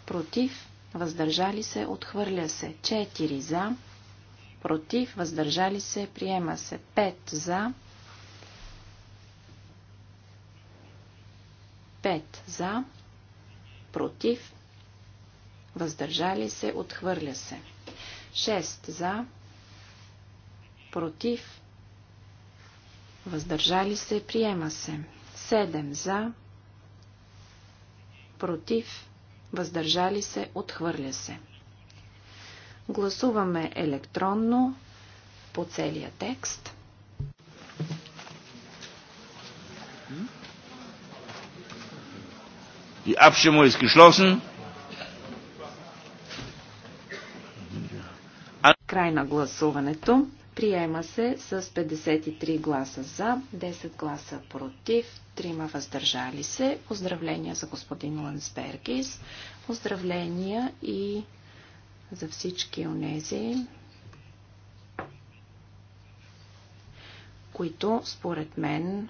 против, въздържали се, отхвърля се. 4 за, против, въздържали се, приема се. 5 за, 5 за, против, въздържали се, отхвърля се. 6 за, против, въздържали се, приема се. 7 за, против, въздържали се, отхвърля се. Гласуваме електронно по целия текст. И Abstimmung ist Край на гласуването. Приема се с 53 гласа за, 10 гласа против, трима въздържали се. Поздравления за господин Лансбергис. Поздравления и за всички онези, които според мен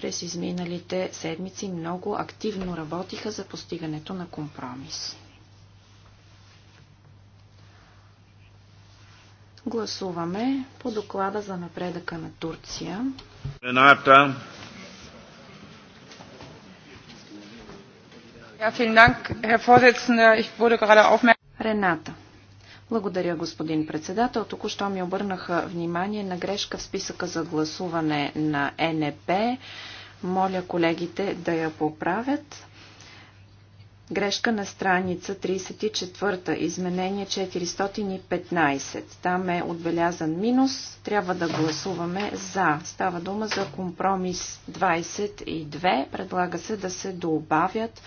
през изминалите седмици много активно работиха за постигането на компромис. Гласуваме по доклада за напредъка на Турция. Рената. Благодаря, господин председател. Току-що ми обърнаха внимание на грешка в списъка за гласуване на НП. Моля колегите да я поправят. Грешка на страница 34, изменение 415. Там е отбелязан минус. Трябва да гласуваме за. Става дума за компромис 22. Предлага се да се добавят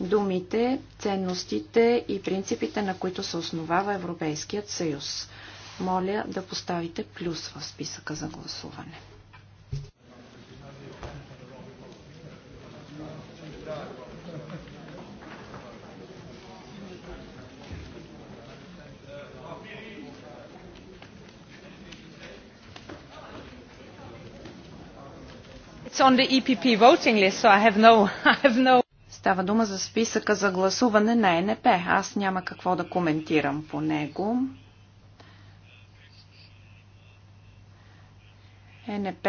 думите, ценностите и принципите, на които се основава Европейският съюз. Моля да поставите плюс в списъка за гласуване. It's on the EPP voting list, so I have no, <laughs> I have no Става дума за списъка за гласуване на НП. Аз няма какво да коментирам по него. НП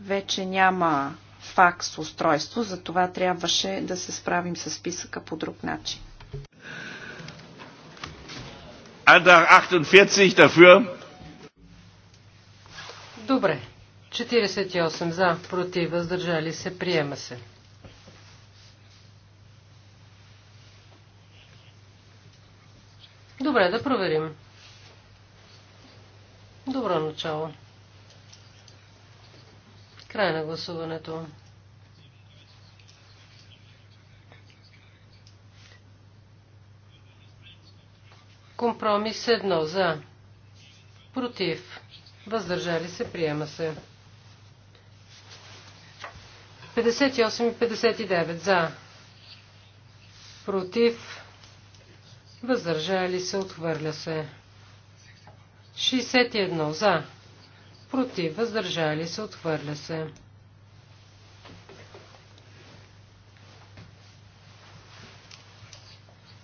вече няма факс устройство, затова трябваше да се справим с списъка по друг начин. Антрах 48 дафюр. Добре. 48 за, против, въздържали се, приема се. Добре, да проверим. Добро начало. Край на гласуването. Компромис едно за. Против. Въздържали се. Приема се. 58 и 59 за. Против ли се, отхвърля се. 61 за. Против, ли се, отхвърля се.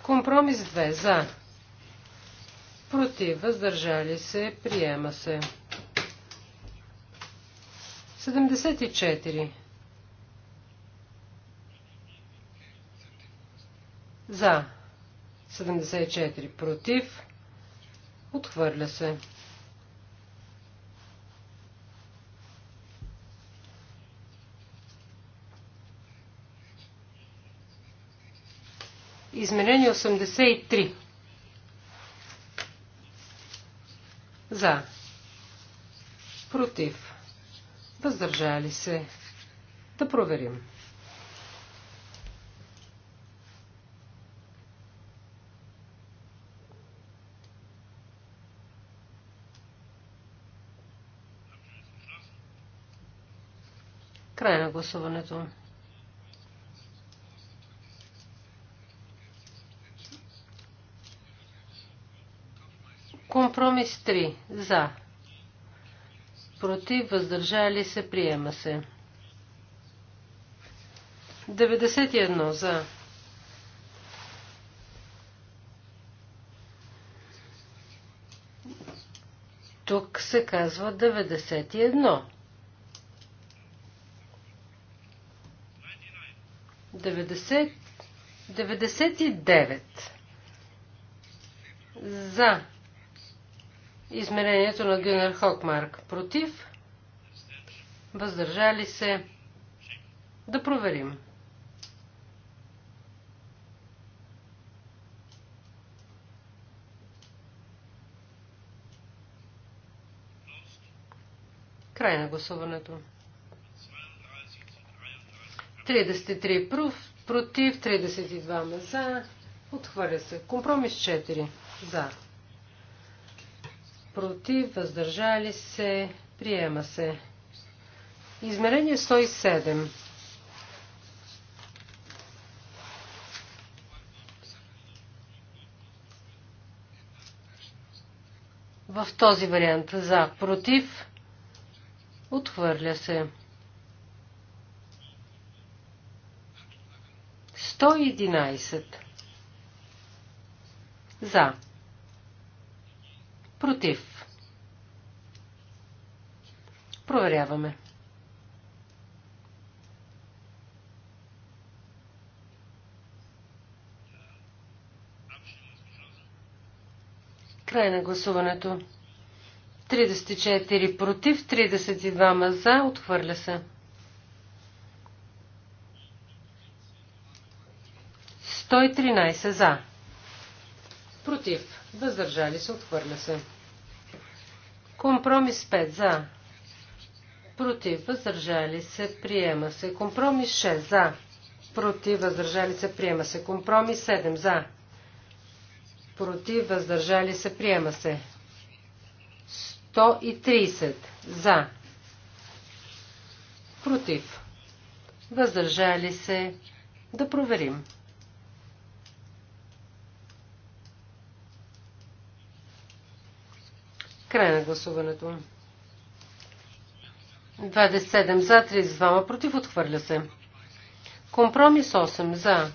Компромис 2 за. Против, въздържали се, приема се. 74 за. 74 против. Отхвърля се. Изменение 83. За. Против. Въздържали се. Да проверим. Край на гласуването. Компромис 3. За. Против. Въздържали се. Приема се. 91. За. Тук се казва 91. 99 за измерението на Гюнер Хокмарк. Против? Въздържали се? Да проверим. Край на гласуването. 33 против, 32 за. Отхвърля се. Компромис 4 за. Против, въздържали се, приема се. Измерение 107. В този вариант за, против, отхвърля се. 111. За. Против. Проверяваме. Край на гласуването. 34 против, 32 за, отхвърля се. 113 за. Против. Въздържали се. Отхвърля се. Компромис 5 за. Против. Въздържали се. Приема се. Компромис 6 за. Против. Въздържали се. Приема се. Компромис 7 за. Против. Въздържали се. Приема се. 130 за. Против. Въздържали се. Да проверим. Край на гласуването. 27 за, 32 против, отхвърля се. Компромис 8 за.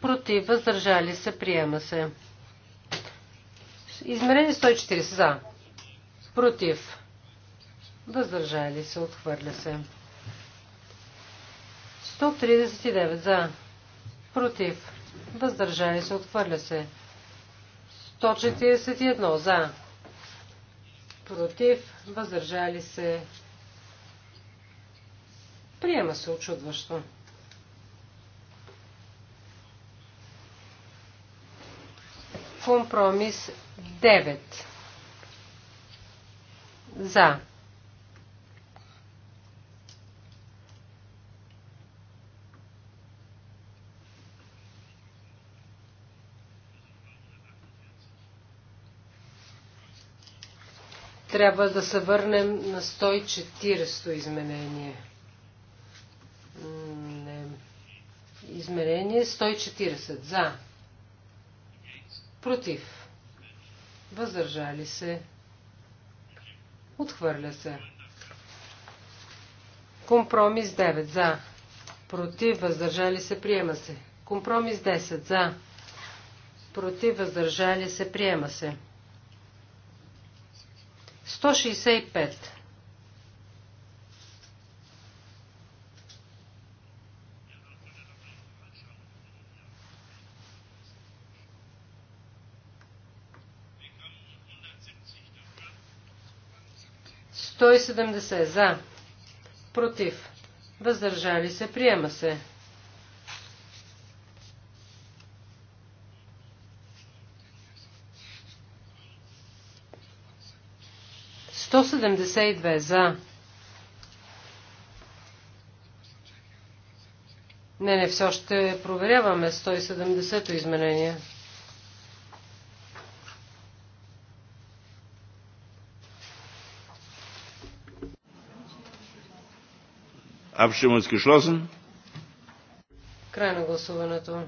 Против, въздържали се, приема се. Измерение 140 за. Против. Въздържали се, отхвърля се. 139 за. Против. Въздържали се, отхвърля се. 141 за против, въздържали се. Приема се очудващо. Компромис 9. За. трябва да се върнем на 140-то изменение. Не. Изменение 140. За. Против. Въздържали се. Отхвърля се. Компромис 9. За. Против. Въздържали се. Приема се. Компромис 10. За. Против. Въздържали се. Приема се. 165. Сто и за. Против. Въздържали се. Приема се. 172 за. Не, не, все още проверяваме 170-то изменение. Abstimmung ist е Край на гласуването.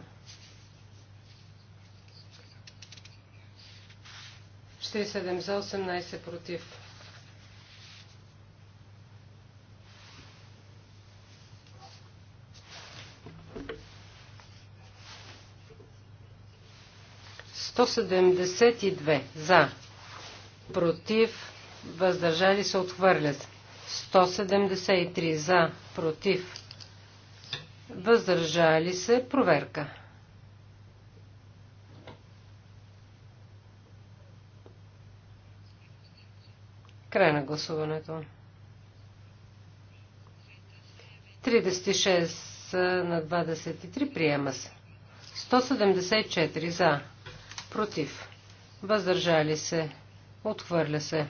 47 за 18 против. 172 за, против, въздържали се, отхвърлят. 173 за, против, въздържали се, проверка. Край на гласуването. 36 на 23 приема се. 174 за, против, въздържали се, отхвърля се.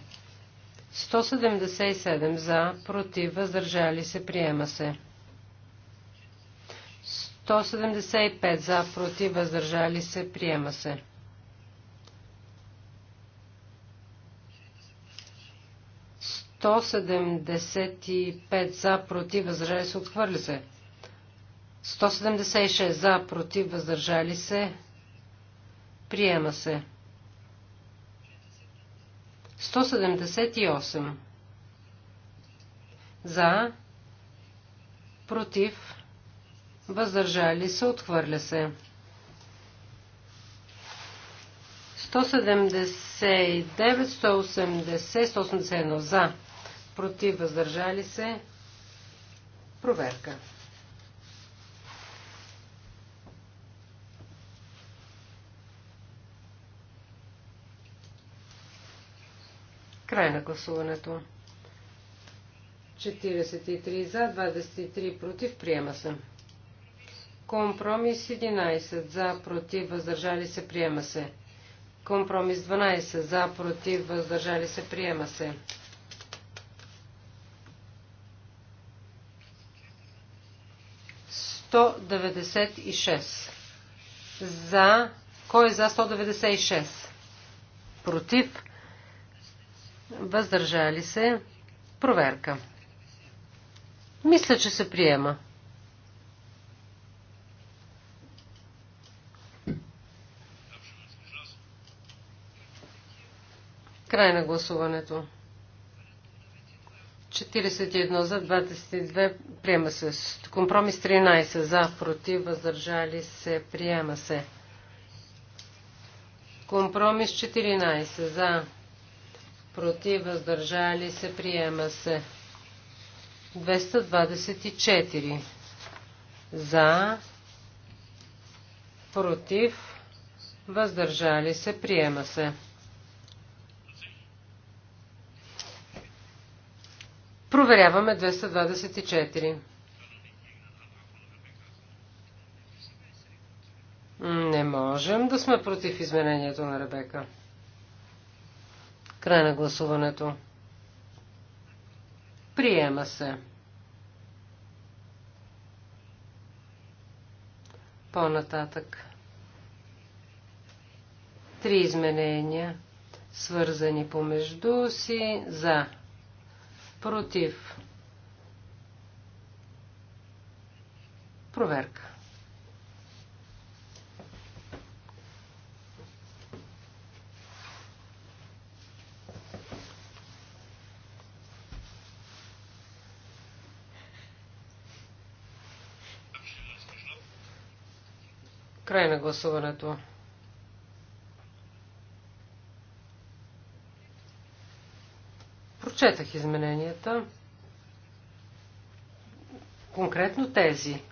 177 за, против, въздържали се, приема се. 175 за, против, въздържали се, приема се. 175 за, против, въздържали се, отхвърли се. 176 за, против, въздържали се, Приема се. 178. За. Против. Въздържали се. Отхвърля се. 179, 180, 181. За. Против. Въздържали се. Проверка. Край на гласуването. 43 за, 23 против. Приема се. Компромис 11 за, против, въздържали се. Приема се. Компромис 12 за, против, въздържали се. Приема се. За. Кой е за 196? Против въздържали се, проверка. Мисля, че се приема. Край на гласуването. 41 за 22 приема се. Компромис 13 за против въздържали се приема се. Компромис 14 за против, въздържали се, приема се. 224 за, против, въздържали се, приема се. Проверяваме 224. Не можем да сме против изменението на Ребека. Край на гласуването. Приема се. По-нататък. Три изменения, свързани помежду си, за, против. Проверка. Край на гласуването. Прочетах измененията. Конкретно тези.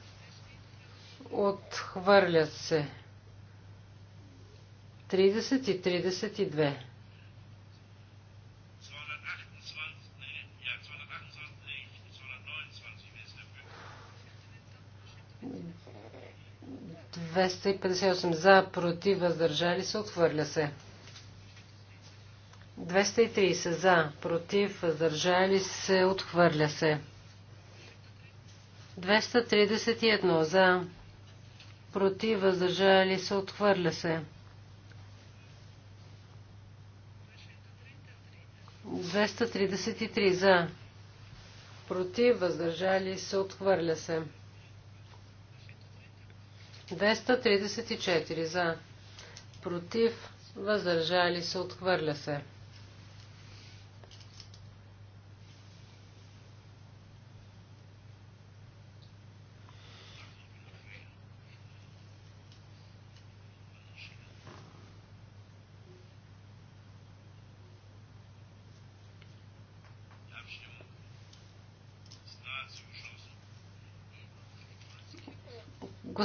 Отхвърлят се 30 и 32. 258 за, против, въздържали се, отхвърля се. 230 за, против, въздържали се, отхвърля се. 231 за, против, въздържали се, отхвърля се. 233 за, против, въздържали се, отхвърля се. 234 за. Против. Въздържали се. Отхвърля се.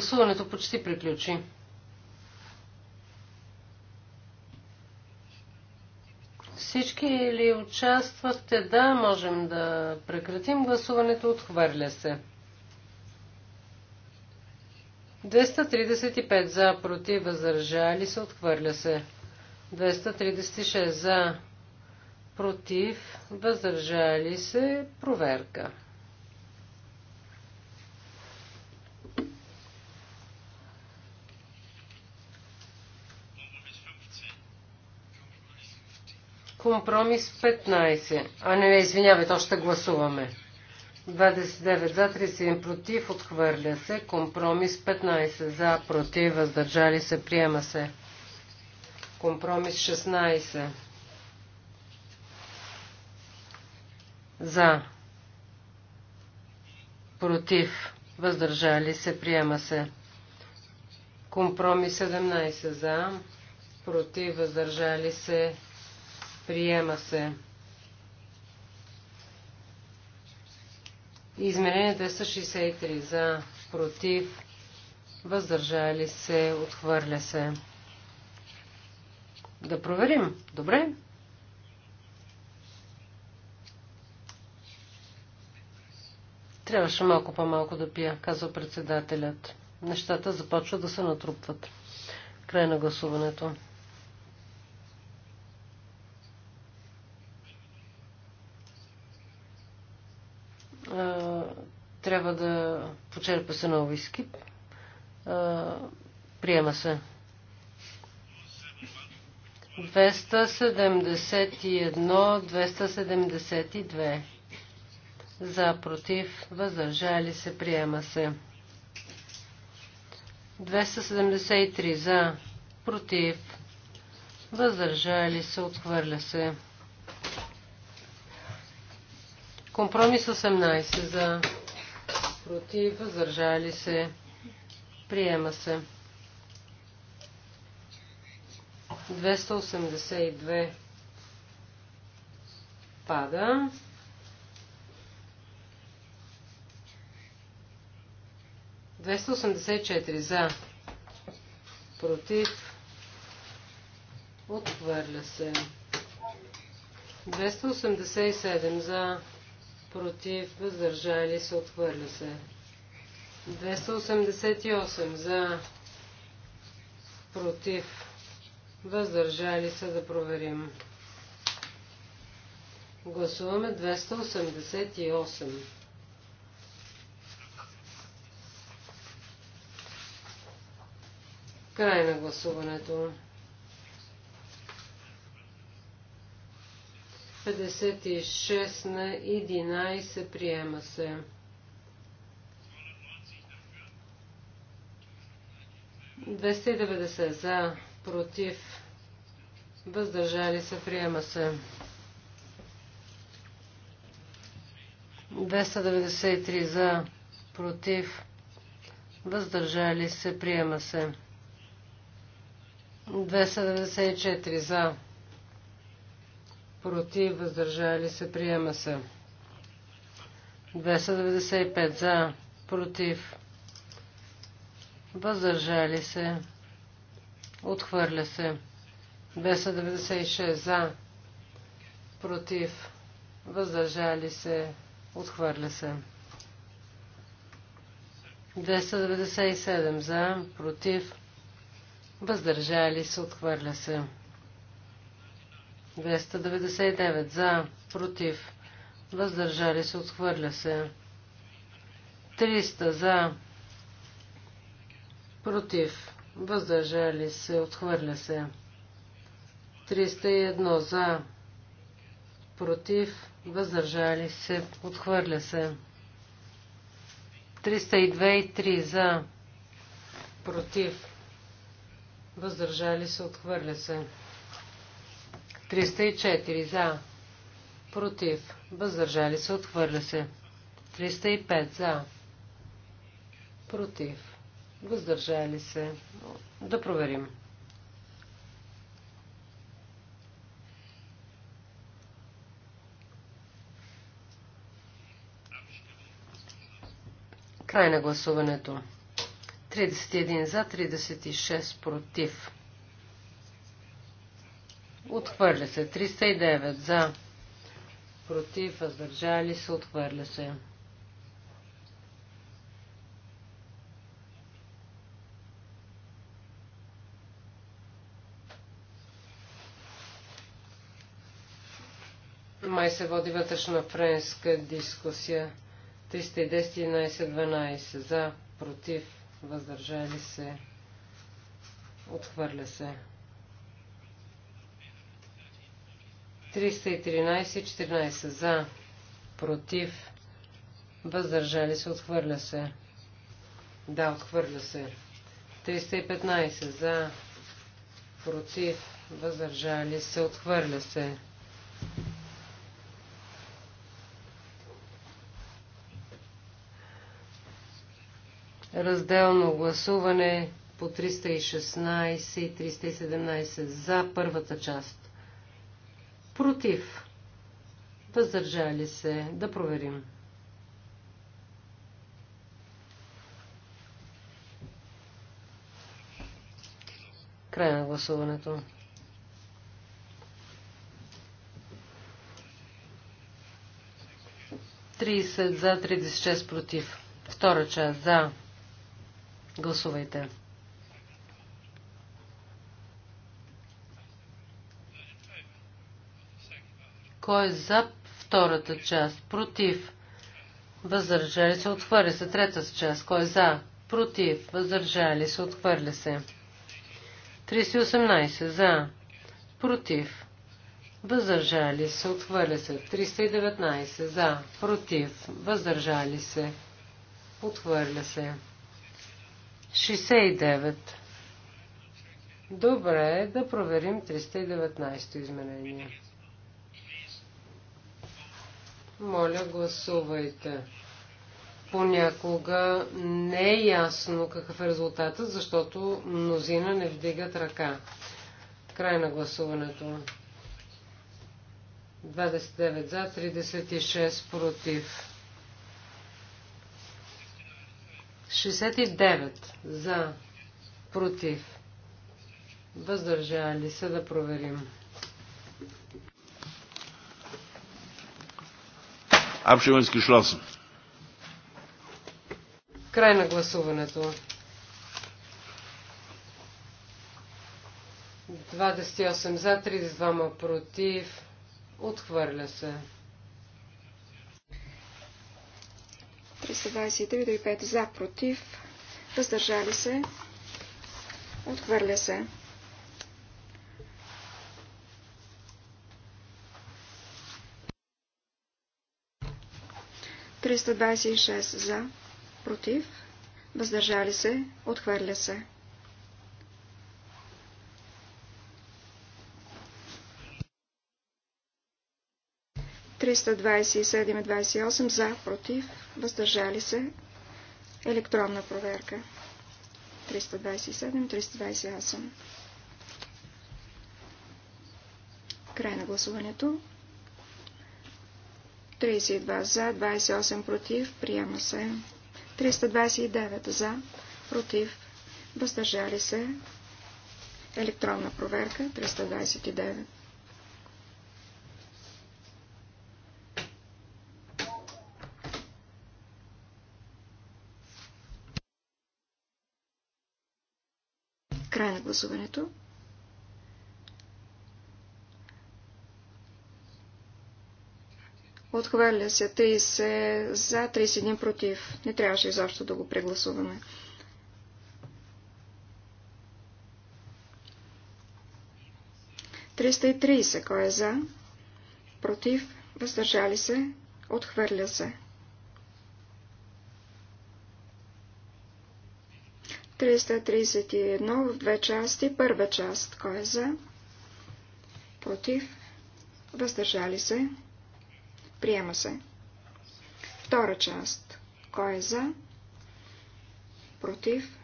Гласуването почти приключи. Всички ли участвахте? Да, можем да прекратим гласуването. Отхвърля се. 235 за, против, възражали се, отхвърля се. 236 за, против, възражали се, проверка. Компромис 15. А не, не, извинявайте, още гласуваме. 29 за, 31 против, отхвърля се. Компромис 15 за, против, въздържали се, приема се. Компромис 16 за, против, въздържали се, приема се. Компромис 17 за, против, въздържали се, Приема се. Измерение 263 за, против, въздържали се, отхвърля се. Да проверим. Добре. Трябваше малко по-малко да пия, казва председателят. Нещата започват да се натрупват. Край на гласуването. трябва да почерпа се нови виски. Приема се. 271-272. За, против, въздържали се, приема се. 273 за, против, въздържали се, отхвърля се. Компромис 18 за, против, въздържали се, приема се. 282 пада. Двеста за. Против. Отхвърля се. 287 за против, въздържали се, отхвърля се. 288 за, против, въздържали се, да проверим. Гласуваме 288. Край на гласуването. 56 на 11 приема се. 290 за, против, въздържали се, приема се. 293 за, против, въздържали се, приема се. 294 за, против, въздържали се, приема се. 295 за, против, въздържали се, отхвърля се. 296 за, против, въздържали се, отхвърля се. 297 за, против, въздържали се, отхвърля се. 299 за, против, въздържали се, отхвърля се. 300 за, против, въздържали се, отхвърля се. 301 за, против, въздържали се, отхвърля се. 302 и 3 за, против, въздържали се, отхвърля се. 304 за. Против. Въздържали се. Отхвърля се. 305 за. Против. Въздържали се. Да проверим. Край на гласуването. 31 за, 36 против. Отхвърля се. 309 за. Против, въздържали се, отхвърля се. Май се води вътрешна френска дискусия. 310, 11, 12 за, против, въздържали се, отхвърля се. 313 14 за, против, въздържали се, отхвърля се. Да, отхвърля се. 315 за, против, въздържали се, отхвърля се. Разделно гласуване по 316 и 317 за първата част Против. Въздържали се. Да проверим. Край на гласуването. за, 36 против. Втора част за. Гласувайте. Кой е за втората част? Против. Въздържали се, отхвърля се. Третата част. Кой е за? Против. Въздържали се, отхвърля се. 318. За. Против. Въздържали се, отхвърля се. 319. За. Против. Въздържали се. Отхвърля се. 69. Добре, да проверим 319 изменение. Моля, гласувайте. Понякога не е ясно какъв е резултатът, защото мнозина не вдигат ръка. Край на гласуването. 29 за, 36 против. 69 за, против. Въздържали се да проверим. Abstimmung ist geschlossen. Край на гласуването. 28 за, 32 против. Отхвърля се. 323 за, против. Въздържали се. Отхвърля се. 326 за, против, въздържали се, отхвърля се. и 28 за, против, въздържали се, електронна проверка. 327-328. Край на гласуването. 32 за, 28 против, приема се. 329 за, против, въздържали се. Електронна проверка, 329. Край на гласуването. Отхвърля се 30 за, 31 против. Не трябваше изобщо да го прегласуваме. Триста и Кой е за? Против. Въздържали се. Отхвърля се. 331 в две части. Първа част. Кой е за? Против. Въздържали се. Приема се. Втора част. Кой е за? Против.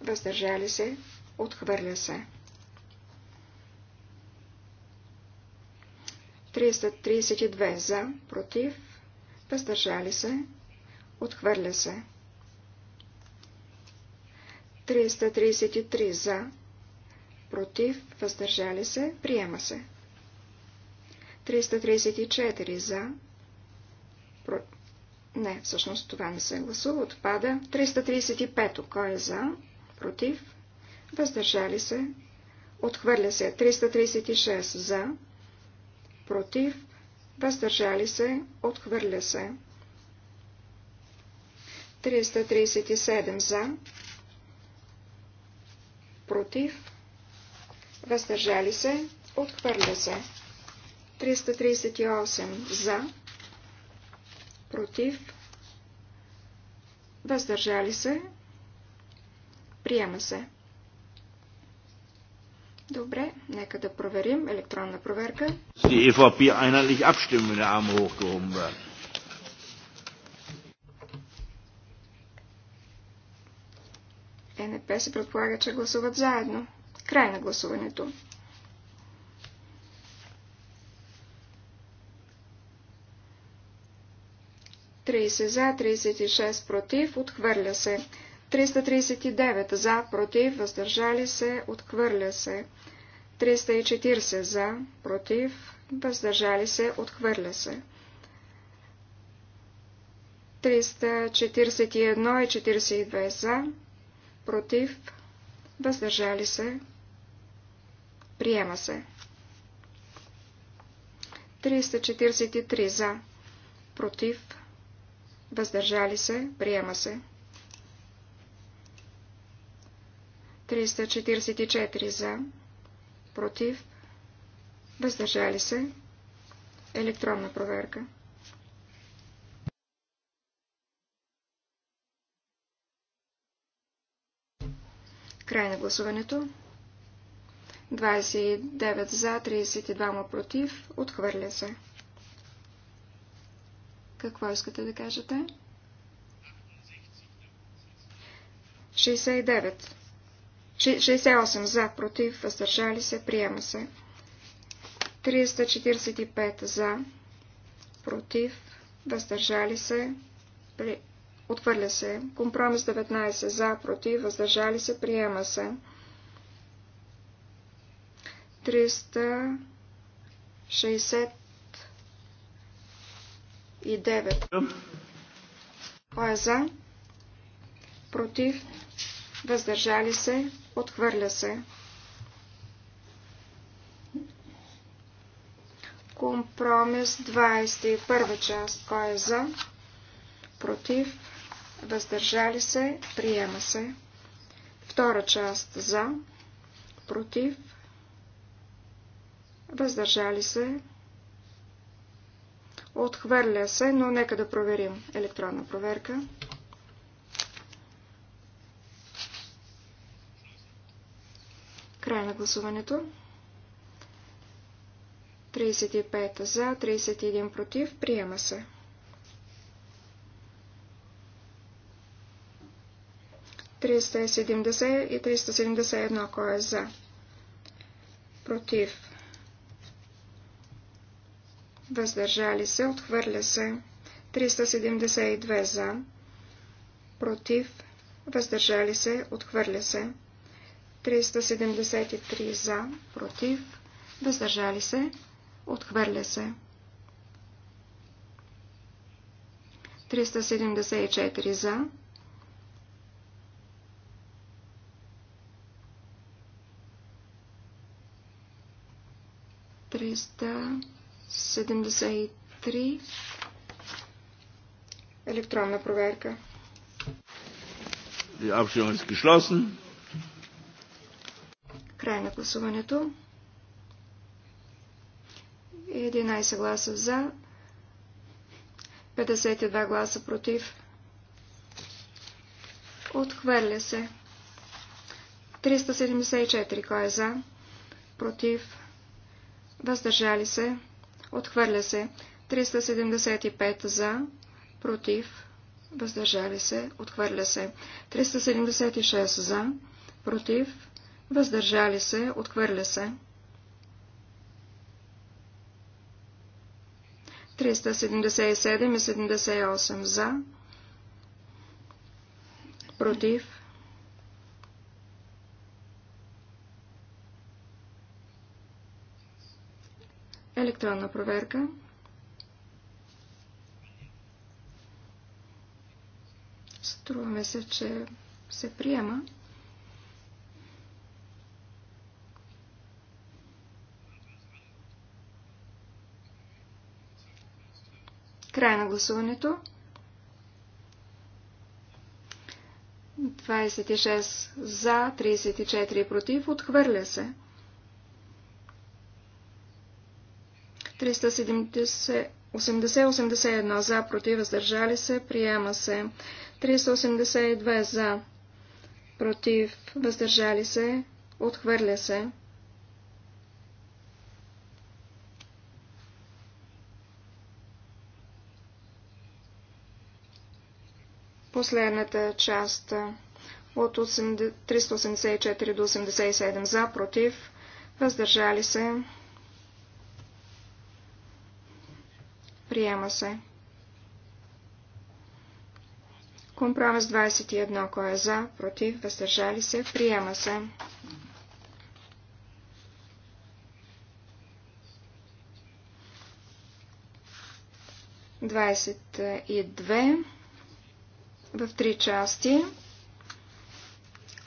Въздържали се. Отхвърля се. 332 за, против, въздържали се, отхвърля се. 333 за, против, въздържали се, приема се. 334 за, Про... Не, всъщност това не се гласува. Отпада. 335. Кой е за? Против? Въздържали се? Отхвърля се. 336. За? Против? Въздържали се? Отхвърля се. 337 за, против, въздържали се, отхвърля се. 338 за, против, въздържали се, приема се. Добре, нека да проверим електронна проверка. Die ЕВП e einheitlich abstimmen, wenn der Arm hochgehoben wird. Е, се предполага, че гласуват заедно. Край на гласуването. 30 за, 36 против, отхвърля се. 339 за, против, въздържали се, отхвърля се. 340 за, против, въздържали се, отхвърля се. 341 и 42 за, против, въздържали се, приема се. 343 за, против, въздържали се, приема се. 344 за, против, въздържали се, електронна проверка. Край на гласуването. 29 за, 32 против, отхвърля се. Какво искате да кажете? 69. 68 за, против, въздържали се, приема се. 345 за, против, въздържали се, при... отвърля се. Компромис 19 за, против, въздържали се, приема се. 360 9. Кой е за? Против? Въздържали се? Отхвърля се. Компромис 20. Първа част. Кой е за? Против? Въздържали се? Приема се. Втора част. За? Против? Въздържали се? Отхвърля се, но нека да проверим електронна проверка. Край на гласуването. 35 за, 31 против. Приема се. Триста и 371, кой е за? Против въздържали се, отхвърля се. 372 за, против, въздържали се, отхвърля се. 373 за, против, въздържали се, отхвърля се. 374 за, триста 73. Електронна проверка. Край на гласуването. 11 гласа за, 52 гласа против. Отхвърля се. 374. Кой е за? Против. Въздържали се. Отхвърля се. 375 за, против, въздържали се, отхвърля се. 376 за, против, въздържали се, отхвърля се. 377 и 78 за, против, Електронна проверка. Струваме се, че се приема. Край на гласуването. 26 за, 34 против, отхвърля се. 380-81 за, против, въздържали се, приема се. 382 за, против, въздържали се, отхвърля се. Последната част от 384 до 87 за, против, въздържали се, Приема се. Компромис 21. Кой е за? Против? Въздържали се? Приема се. в три части.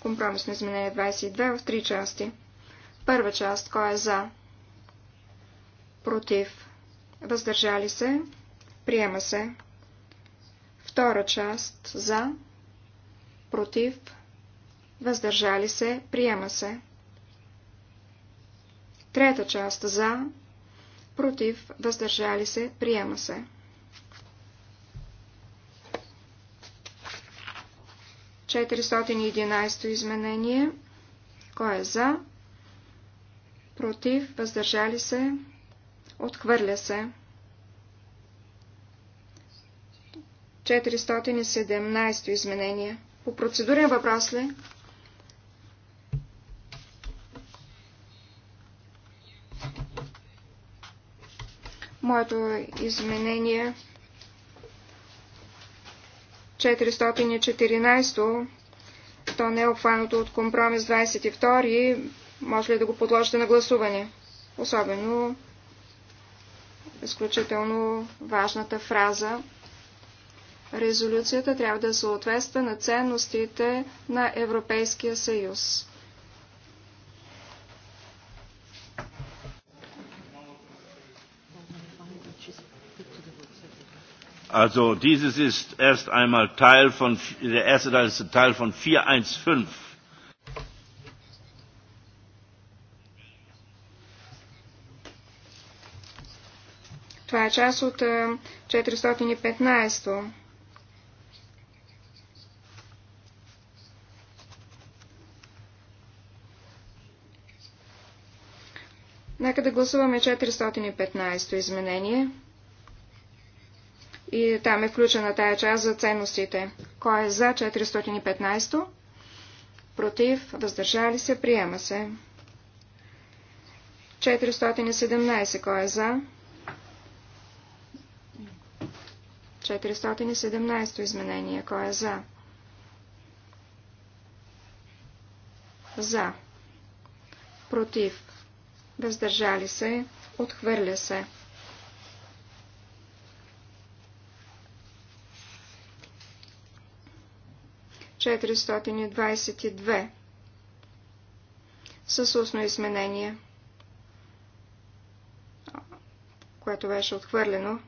Компромисно изменение 22 в три части. Първа част. Кой е за? Против? въздържали се, приема се. Втора част за, против, въздържали се, приема се. Трета част за, против, въздържали се, приема се. Четиристотин изменение. Кой е за? Против, въздържали се, Отхвърля се. 417 изменение. По процедурен въпрос ли? Моето изменение 414, е то не е обхванато от компромис 22, може ли да го подложите на гласуване? Особено изключително важната фраза. Резолюцията трябва да съответства на ценностите на Европейския съюз. Also dieses ist erst einmal Teil von, der erste Teil ist Teil von 415. Това е част от 415. Е, Нека да гласуваме 415 то изменение. И там е включена тая част за ценностите. Кой е за 415? то Против, въздържали се, приема се. 417. Кой е за? 417 то изменение. Кой е за? За. Против. Въздържали се. Отхвърля се. Четиристотин с устно изменение, което беше отхвърлено,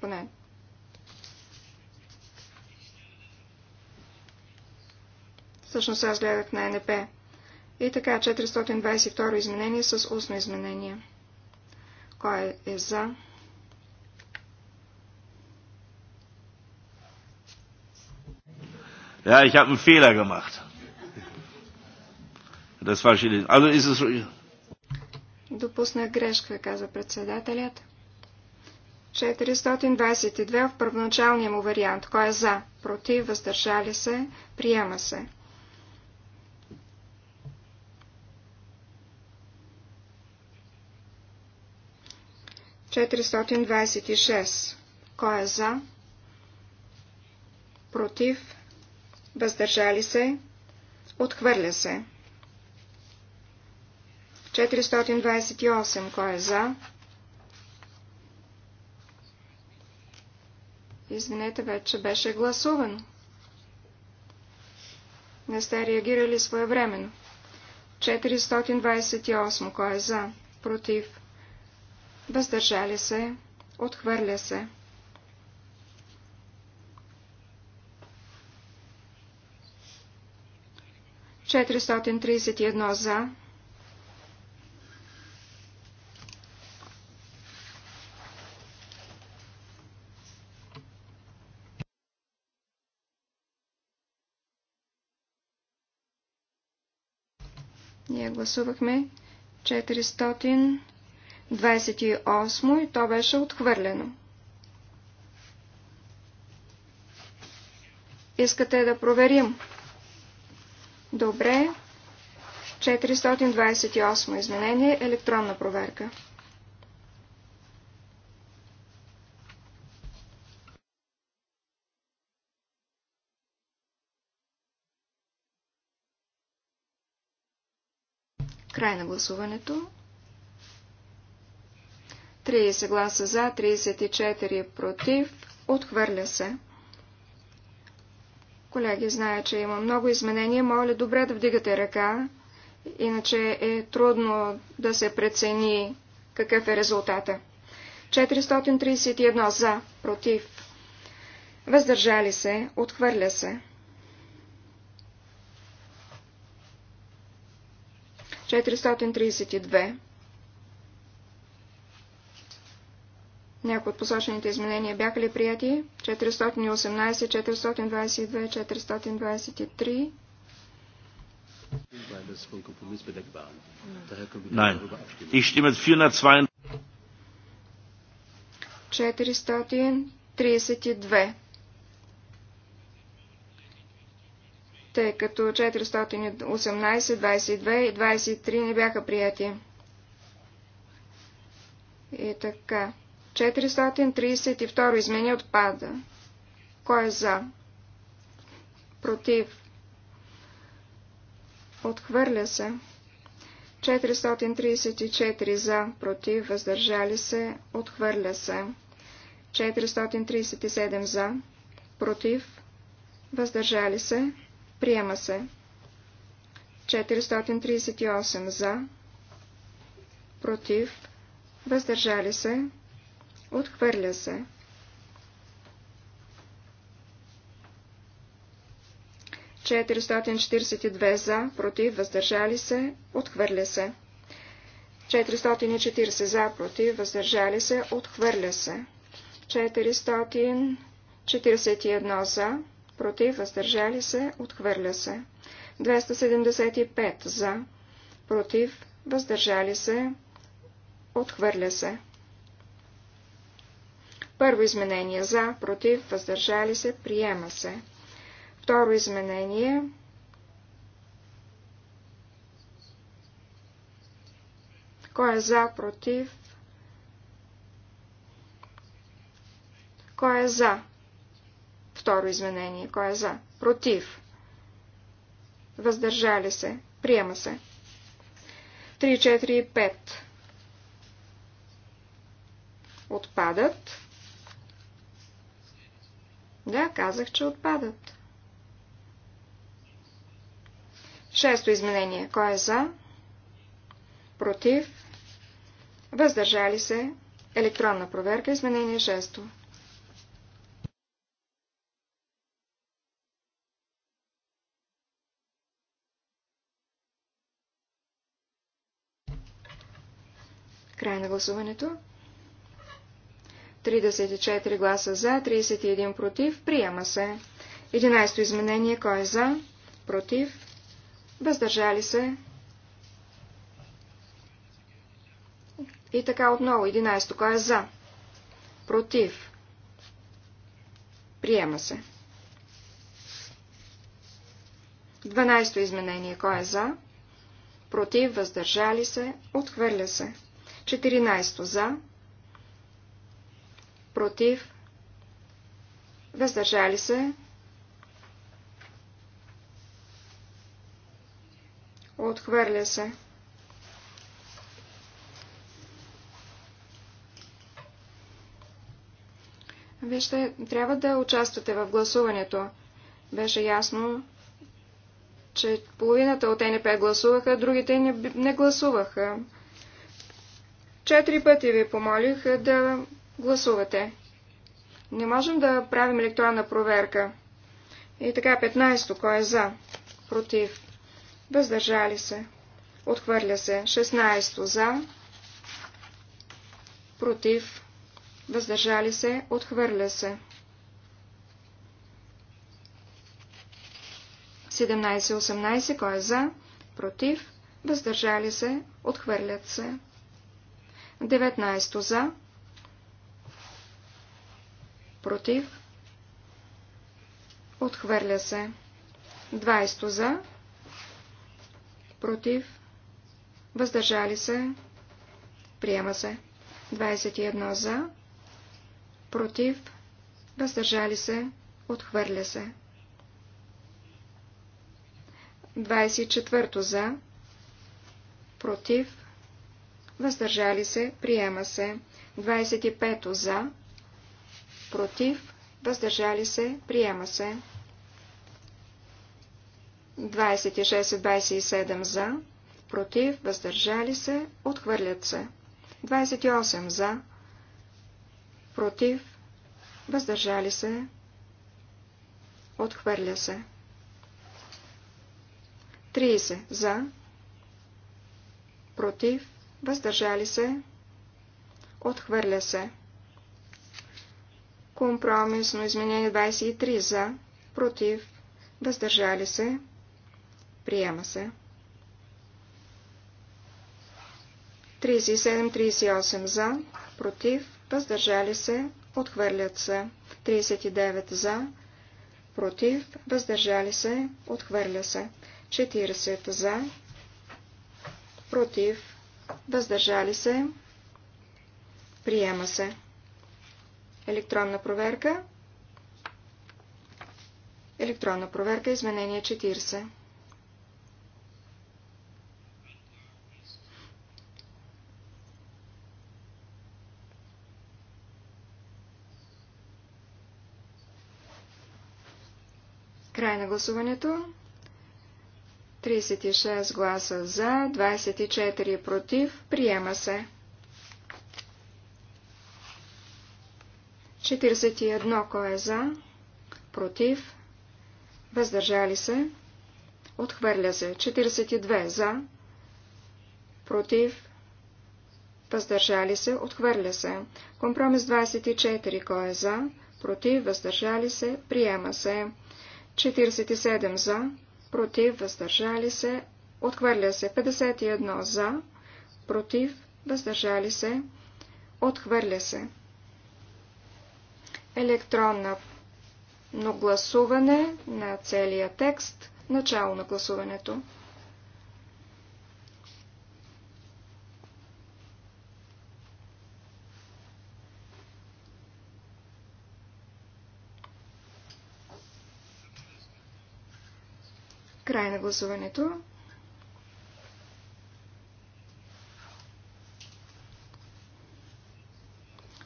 поне Всъщност аз гледах на НП. И така, 422 изменение с устно изменение. Кой е за? Ja, ich habe einen Fehler gemacht. Das war Also ist es... Допусна грешка, каза председателят. 422 в първоначалния му вариант. Кой е за? Против? Въздържали се? Приема се. 426. Кой е за? Против? Въздържали се? Отхвърля се. 428. Кой е за? Извинете, вече беше гласувано. Не сте реагирали своевременно. 428. Кой е за? Против? въздържали се, отхвърля се. Четиристотин тридесет и едно за. Ние гласувахме четиристотин 400 28 и то беше отхвърлено. Искате да проверим? Добре. 428 изменение, електронна проверка. Край на гласуването. 30 гласа за, 34 против. Отхвърля се. Колеги, зная, че има много изменения. Моля добре да вдигате ръка, иначе е трудно да се прецени какъв е резултата. 431 за, против. Въздържали се, отхвърля се. 432 Някои от посочените изменения бяха ли прияти? 418, 422, 423. Nein. Ich stimme 402. 432. Тъй като 418, 22 и 23 не бяха прияти. И така. 432 измени отпада. Кой е за? Против. Отхвърля се. 434 за, против, въздържали се, отхвърля се. 437 за, против, въздържали се, приема се. 438 за, против, въздържали се, Отхвърля се. Четиристотин за, против, въздържали се, отхвърля се. 440 за, против, въздържали се, отхвърля се. 441 за, против, въздържали се, отхвърля се. 275 за, против, въздържали се, отхвърля се. Първо изменение за, против, въздържали се, приема се. Второ изменение Кой е за, против? Кой е за? Второ изменение. Кой е за? Против. Въздържали се. Приема се. 3, 4 и 5. Отпадат. Да, казах, че отпадат. Шесто изменение. Кой е за? Против? Въздържали се? Електронна проверка. Изменение шесто. Край на гласуването. 34 гласа за, 31 против. Приема се. 11 изменение. Кой е за? Против. Въздържали се. И така отново. 11. Кой е за? Против. Приема се. 12 изменение. Кой е за? Против. Въздържали се. Отхвърля се. 14 за против, въздържали се, отхвърля се. Вижте, трябва да участвате в гласуването. Беше ясно, че половината от НП гласуваха, другите не, не гласуваха. Четири пъти ви помолих да Гласувате. Не можем да правим електронна проверка. И така 15. Кой е за? Против. Въздържали се. Отхвърля се. 16. За. Против. Въздържали се. Отхвърля се. 17-18. Кой е за? Против. Въздържали се. Отхвърлят се. 19. За против, отхвърля се. 20 за, против, въздържали се, приема се. 21 за, против, въздържали се, отхвърля се. 24 за, против, въздържали се, приема се. 25 за, против, въздържали се, приема се. 26 27 за, против, въздържали се, отхвърлят се. 28 за, против, въздържали се, отхвърля се. 30 за, против, въздържали се, отхвърля се. Компромисно изменение 23 за, против, въздържали се, приема се. 37-38 за, против, въздържали се, отхвърлят се. 39 за, против, въздържали се, отхвърля се. 40 за, против, въздържали се, приема се. Електронна проверка. Електронна проверка. Изменение 40. Край на гласуването. 36 гласа за, 24 против. Приема се. 41. Кой е за? Против? Въздържали се? Отхвърля се. 42. За? Против? Въздържали се? Отхвърля се. Компромис 24. Кой е за? Против? Въздържали се? Приема се. 47. За? Против? Въздържали се? Отхвърля се. 51. За? Против? Въздържали се? Отхвърля се електронно гласуване на целия текст, начало на гласуването. Край на гласуването.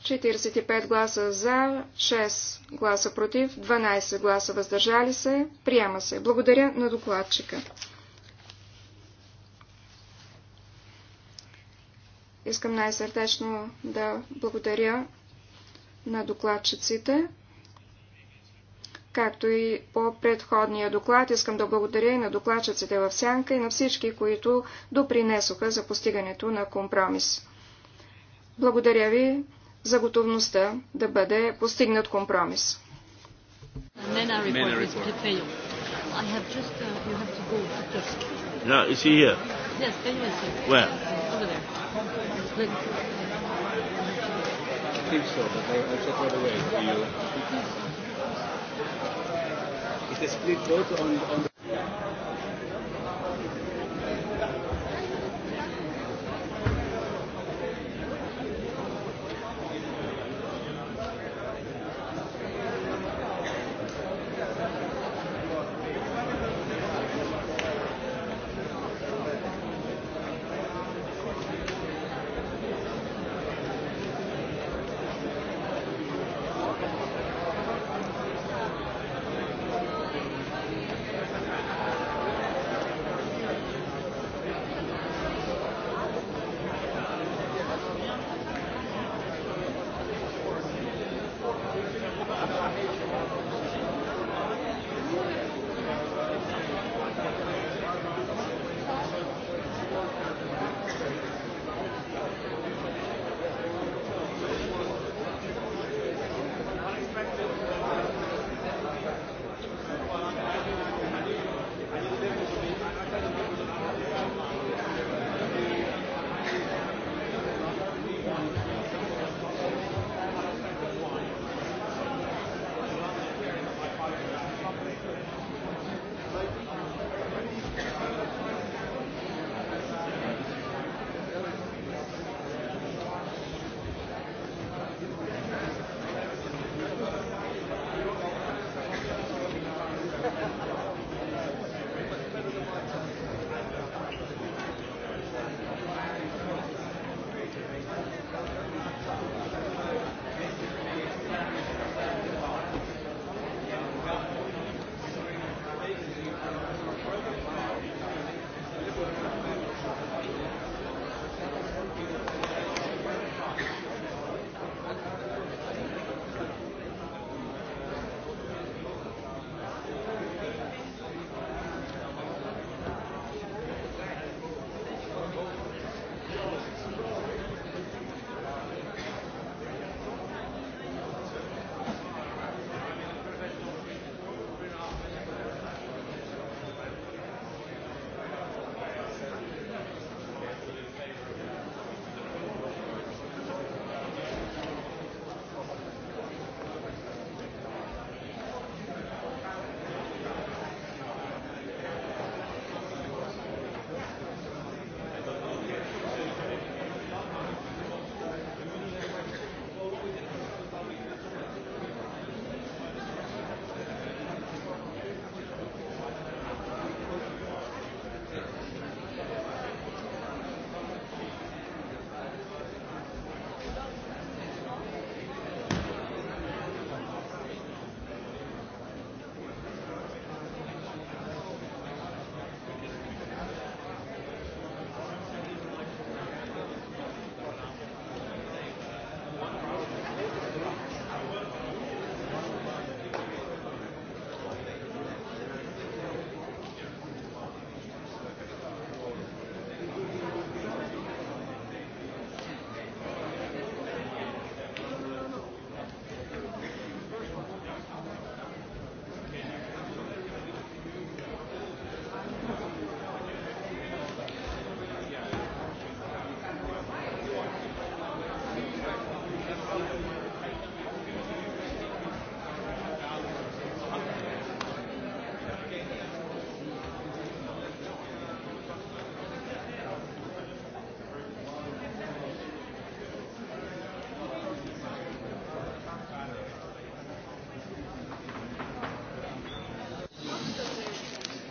45 гласа за, 6 гласа против, 12 гласа въздържали се. Приема се. Благодаря на докладчика. Искам най-сърдечно да благодаря на докладчиците, както и по предходния доклад. Искам да благодаря и на докладчиците в Сянка и на всички, които допринесоха за постигането на компромис. Благодаря ви за готовността да бъде постигнат компромис. Is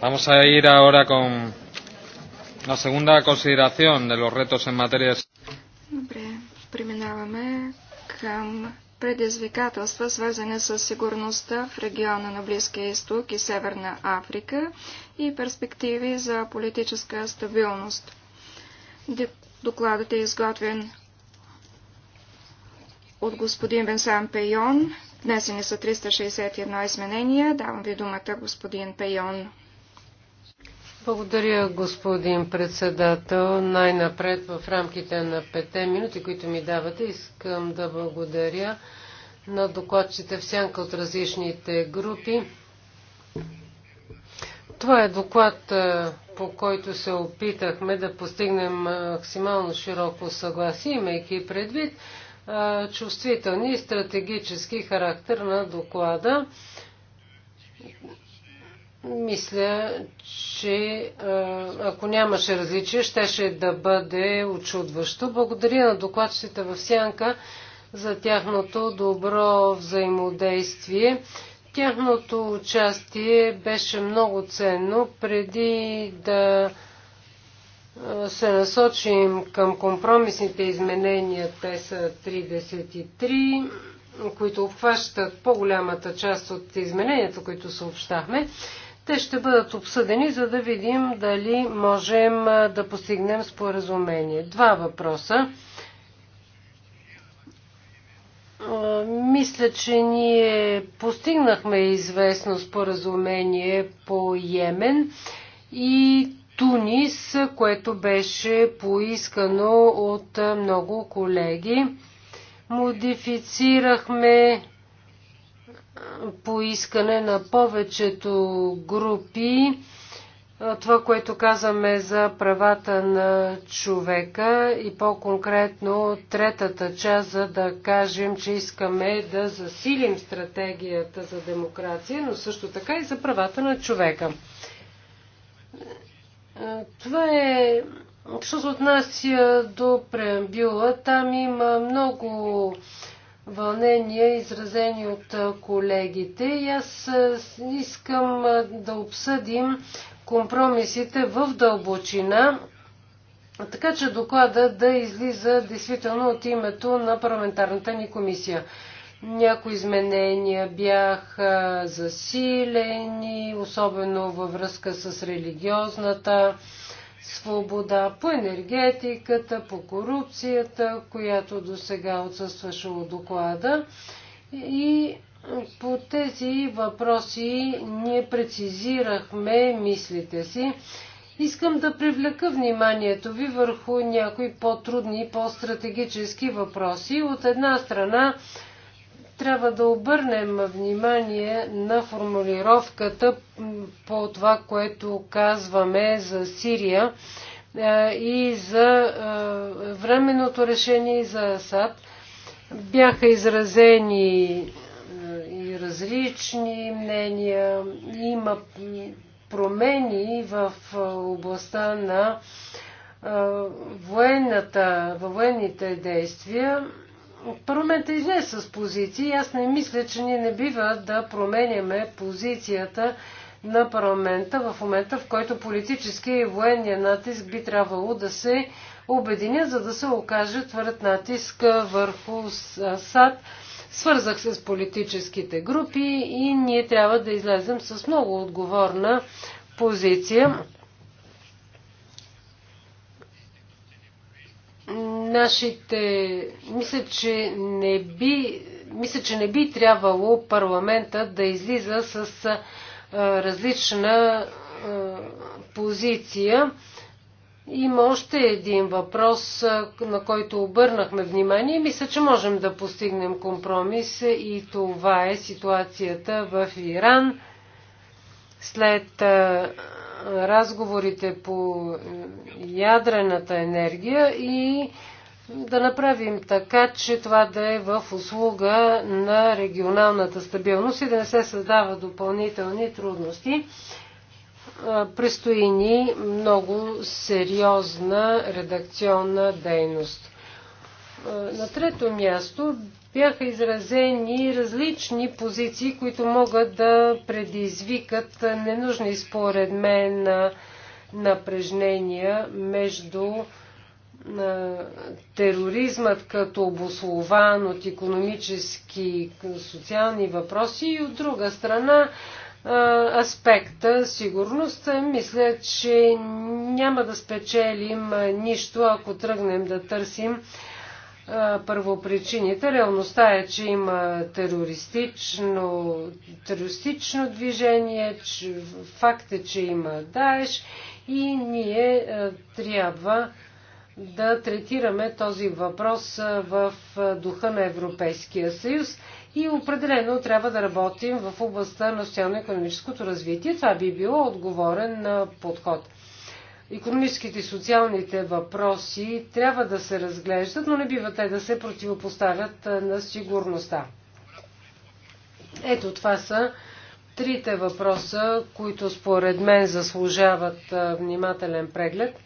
Vamos a ir ahora con la segunda consideración de los retos en materia de... Добре, преминаваме към предизвикателства, свързани с сигурността в региона на Близкия изток и Северна Африка и перспективи за политическа стабилност. Докладът е изготвен от господин Бенсан Пейон. Внесени са 361 изменения. Давам ви думата, господин Пейон. Благодаря, господин председател. Най-напред в рамките на пете минути, които ми давате, искам да благодаря на докладчите в сянка от различните групи. Това е доклад, по който се опитахме да постигнем максимално широко съгласие, имайки предвид чувствителни и стратегически характер на доклада мисля, че ако нямаше различие, щеше да бъде очудващо. Благодаря на докладчите в Сянка за тяхното добро взаимодействие. Тяхното участие беше много ценно. Преди да се насочим към компромисните изменения, ТЕСА 33, които обхващат по-голямата част от измененията, които съобщахме. Те ще бъдат обсъдени, за да видим дали можем да постигнем споразумение. Два въпроса. Мисля, че ние постигнахме известно споразумение по Йемен и Тунис, което беше поискано от много колеги. Модифицирахме по искане на повечето групи това, което казваме за правата на човека и по-конкретно третата част, за да кажем, че искаме да засилим стратегията за демокрация, но също така и за правата на човека. Това е, що се отнася до преамбюла, там има много вълнения, изразени от колегите. И аз искам да обсъдим компромисите в дълбочина, така че доклада да излиза действително от името на парламентарната ни комисия. Някои изменения бяха засилени, особено във връзка с религиозната свобода по енергетиката, по корупцията, която до сега отсъстваше от доклада. И по тези въпроси ние прецизирахме мислите си. Искам да привлека вниманието ви върху някои по-трудни по-стратегически въпроси. От една страна трябва да обърнем внимание на формулировката по това, което казваме за Сирия е, и за е, временното решение за Асад. Бяха изразени е, и различни мнения. Има промени в областта на военната, във военните действия парламентът излез с позиции. Аз не мисля, че ние не бива да променяме позицията на парламента в момента, в който политически и военния натиск би трябвало да се обединят, за да се окаже твърд натиск върху САД. Свързах се с политическите групи и ние трябва да излезем с много отговорна позиция. Нашите... Мисля, че не би... Мисля, че не би трябвало парламента да излиза с различна позиция. Има още един въпрос, на който обърнахме внимание. Мисля, че можем да постигнем компромис и това е ситуацията в Иран. След разговорите по ядрената енергия и да направим така, че това да е в услуга на регионалната стабилност и да не се създава допълнителни трудности. Престои ни много сериозна редакционна дейност. На трето място бяха изразени различни позиции, които могат да предизвикат ненужни според мен напрежнения между тероризмът като обослован от економически социални въпроси и от друга страна аспекта сигурност. Мисля, че няма да спечелим нищо, ако тръгнем да търсим първопричините. Реалността е, че има терористично, терористично движение, че, факт е, че има Даеш и ние трябва да третираме този въпрос в духа на Европейския съюз и определено трябва да работим в областта на социално-економическото развитие. Това би било отговорен подход економическите и социалните въпроси трябва да се разглеждат, но не бива те да се противопоставят на сигурността. Ето това са трите въпроса, които според мен заслужават внимателен преглед.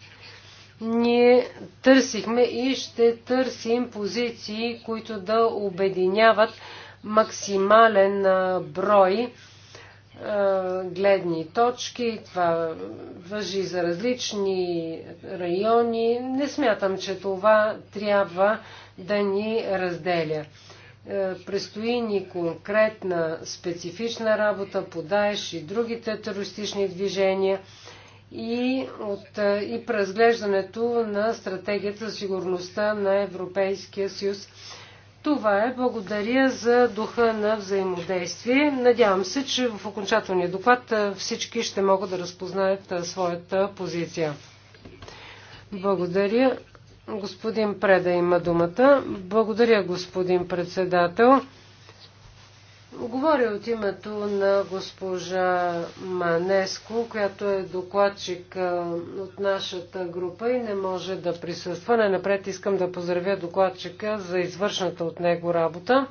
Ние търсихме и ще търсим позиции, които да обединяват максимален брой гледни точки. Това въжи за различни райони. Не смятам, че това трябва да ни разделя. Престои ни конкретна специфична работа по Даеш и другите терористични движения и, от, и преразглеждането на стратегията за сигурността на Европейския съюз това е. Благодаря за духа на взаимодействие. Надявам се, че в окончателния доклад всички ще могат да разпознаят своята позиция. Благодаря. Господин Преда има думата. Благодаря, господин председател. Говоря от името на госпожа Манеско, която е докладчик от нашата група и не може да присъства. Най-напред искам да поздравя докладчика за извършната от него работа.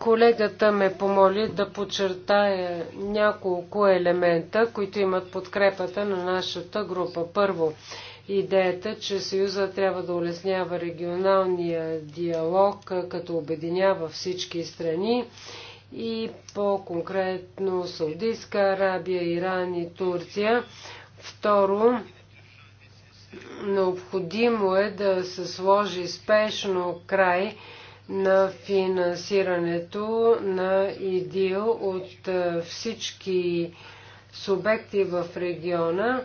Колегата ме помоли да подчертая няколко елемента, които имат подкрепата на нашата група. Първо, идеята, че Съюза трябва да улеснява регионалния диалог, като обединява всички страни и по-конкретно Саудийска Арабия, Иран и Турция. Второ, необходимо е да се сложи спешно край на финансирането на ИДИЛ от всички субекти в региона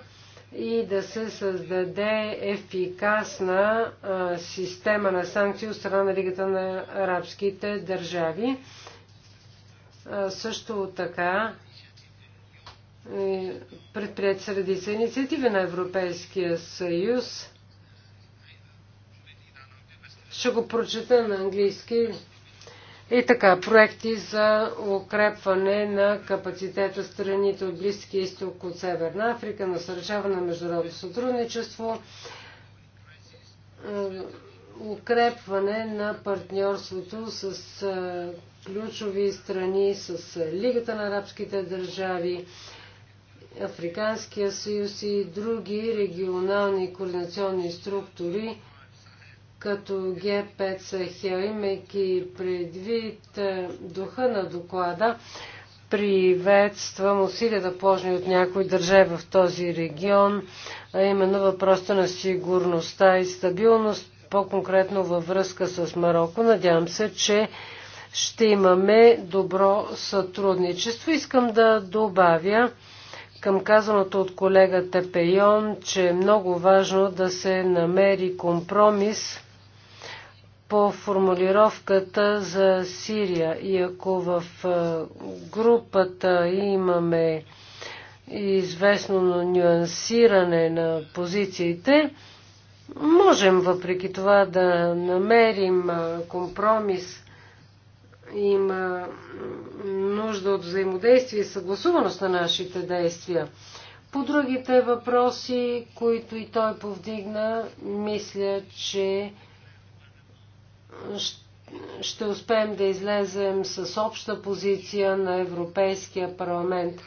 и да се създаде ефикасна а, система на санкции от страна на Лигата на арабските държави. А, също така е, предприят среди са инициативи на Европейския съюз. Ще го прочета на английски и така, проекти за укрепване на капацитета страните от Близкия изток от Северна Африка, насърчаване на международно сътрудничество, укрепване на партньорството с ключови страни, с Лигата на арабските държави, Африканския съюз и други регионални координационни структури – като Г5 Сахел, имайки предвид е, духа на доклада, приветствам усилията положени от някои държави в този регион, а именно въпроса на сигурността и стабилност, по-конкретно във връзка с Марокко. Надявам се, че ще имаме добро сътрудничество. Искам да добавя към казаното от колегата Пейон, че е много важно да се намери компромис по формулировката за Сирия. И ако в е, групата имаме известно нюансиране на позициите, можем въпреки това да намерим е, компромис. Има нужда от взаимодействие и съгласуваност на нашите действия. По другите въпроси, които и той повдигна, мисля, че ще успеем да излезем с обща позиция на Европейския парламент.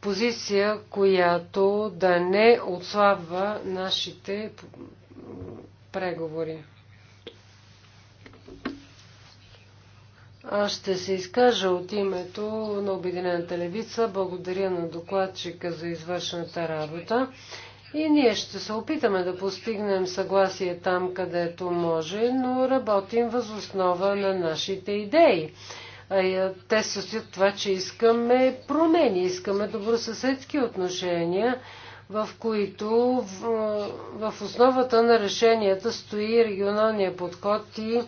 Позиция, която да не отслабва нашите преговори. Аз ще се изкажа от името на Обединената левица. Благодаря на докладчика за извършената работа. И ние ще се опитаме да постигнем съгласие там, където може, но работим възоснова на нашите идеи. Те се състоят това, че искаме промени, искаме добросъседски отношения, в които в, в основата на решенията стои регионалния подход и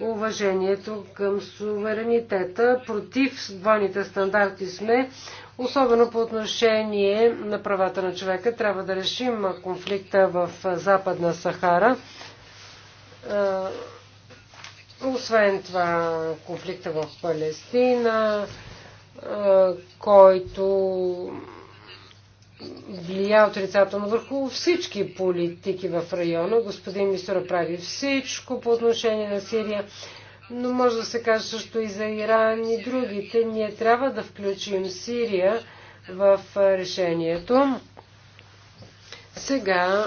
уважението към суверенитета. Против двойните стандарти сме, Особено по отношение на правата на човека трябва да решим конфликта в Западна Сахара. Освен това, конфликта в Палестина, който влия отрицателно върху всички политики в района. Господин Мисура прави всичко по отношение на Сирия но може да се каже също и за Иран и другите. Ние трябва да включим Сирия в решението. Сега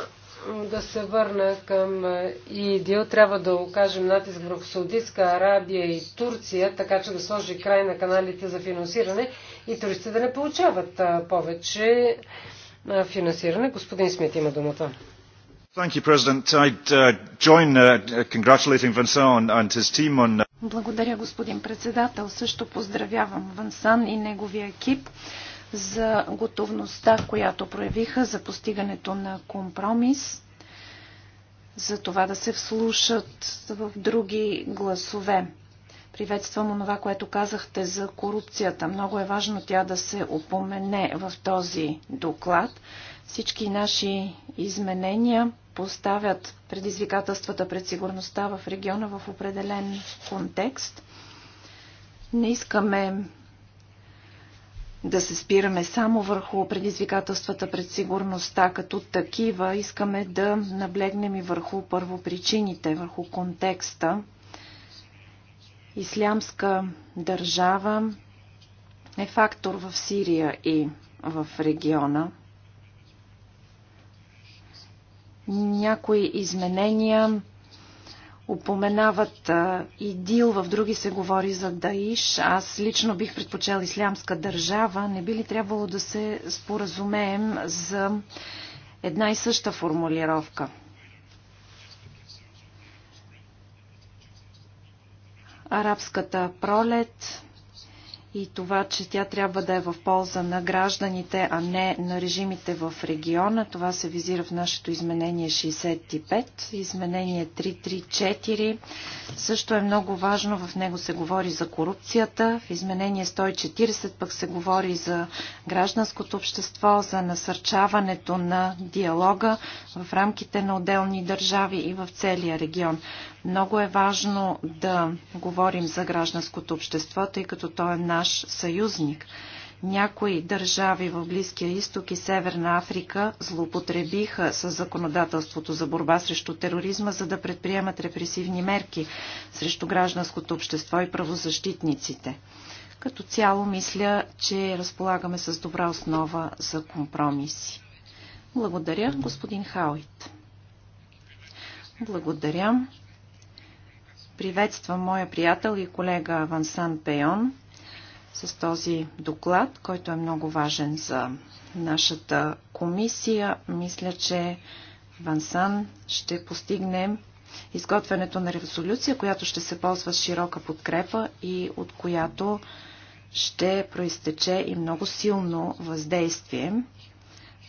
да се върна към ИДИЛ, трябва да окажем натиск върху Саудитска Арабия и Турция, така че да сложи край на каналите за финансиране и туристите да не получават повече финансиране. Господин Смит има думата. Благодаря, господин председател. Също поздравявам Вансан и неговия екип за готовността, която проявиха за постигането на компромис, за това да се вслушат в други гласове. Приветствам онова, което казахте за корупцията. Много е важно тя да се опомене в този доклад. Всички наши изменения поставят предизвикателствата пред сигурността в региона в определен контекст. Не искаме да се спираме само върху предизвикателствата пред сигурността като такива. Искаме да наблегнем и върху първопричините, върху контекста. Ислямска държава е фактор в Сирия и в региона. Някои изменения упоменават ИДИЛ, в други се говори за Даиш. Аз лично бих предпочел ислямска държава. Не би ли трябвало да се споразумеем за една и съща формулировка? Арабската пролет и това, че тя трябва да е в полза на гражданите, а не на режимите в региона. Това се визира в нашето изменение 65. Изменение 334 също е много важно. В него се говори за корупцията. В изменение 140 пък се говори за гражданското общество, за насърчаването на диалога в рамките на отделни държави и в целия регион. Много е важно да говорим за гражданското общество, тъй като то е наш съюзник. Някои държави в Близкия изток и Северна Африка злоупотребиха с законодателството за борба срещу тероризма, за да предприемат репресивни мерки срещу гражданското общество и правозащитниците. Като цяло мисля, че разполагаме с добра основа за компромиси. Благодаря, господин Хауит. Благодаря. Приветствам моя приятел и колега Вансан Пейон с този доклад, който е много важен за нашата комисия. Мисля, че Вансан ще постигне изготвянето на резолюция, която ще се ползва с широка подкрепа и от която ще проистече и много силно въздействие.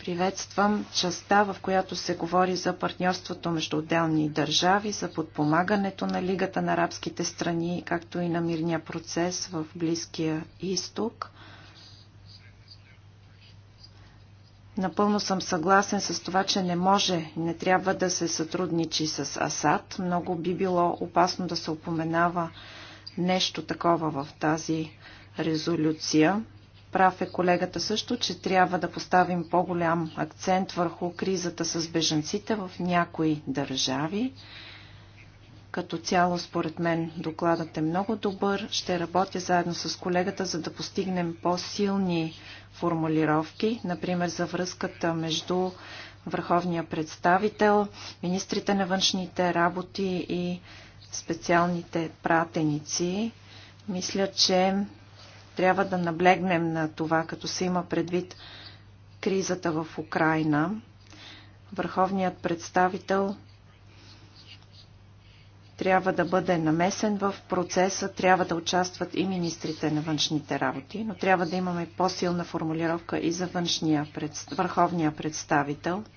Приветствам частта, в която се говори за партньорството между отделни държави, за подпомагането на Лигата на арабските страни, както и на мирния процес в Близкия изток. Напълно съм съгласен с това, че не може, не трябва да се сътрудничи с Асад. Много би било опасно да се упоменава нещо такова в тази резолюция. Прав е колегата също, че трябва да поставим по-голям акцент върху кризата с беженците в някои държави. Като цяло, според мен, докладът е много добър. Ще работя заедно с колегата, за да постигнем по-силни формулировки, например за връзката между върховния представител, министрите на външните работи и специалните пратеници. Мисля, че трябва да наблегнем на това, като се има предвид кризата в Украина. Върховният представител трябва да бъде намесен в процеса, трябва да участват и министрите на външните работи, но трябва да имаме по-силна формулировка и за външния, върховния представител –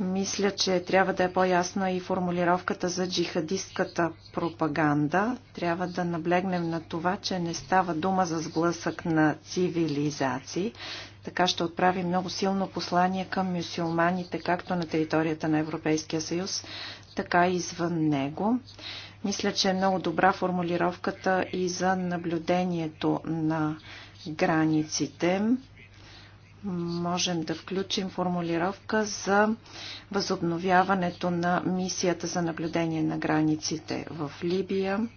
мисля, че трябва да е по-ясна и формулировката за джихадистката пропаганда. Трябва да наблегнем на това, че не става дума за сблъсък на цивилизации. Така ще отправи много силно послание към мюсюлманите, както на територията на Европейския съюз, така и извън него. Мисля, че е много добра формулировката и за наблюдението на границите можем да включим формулировка за възобновяването на мисията за наблюдение на границите в Либия.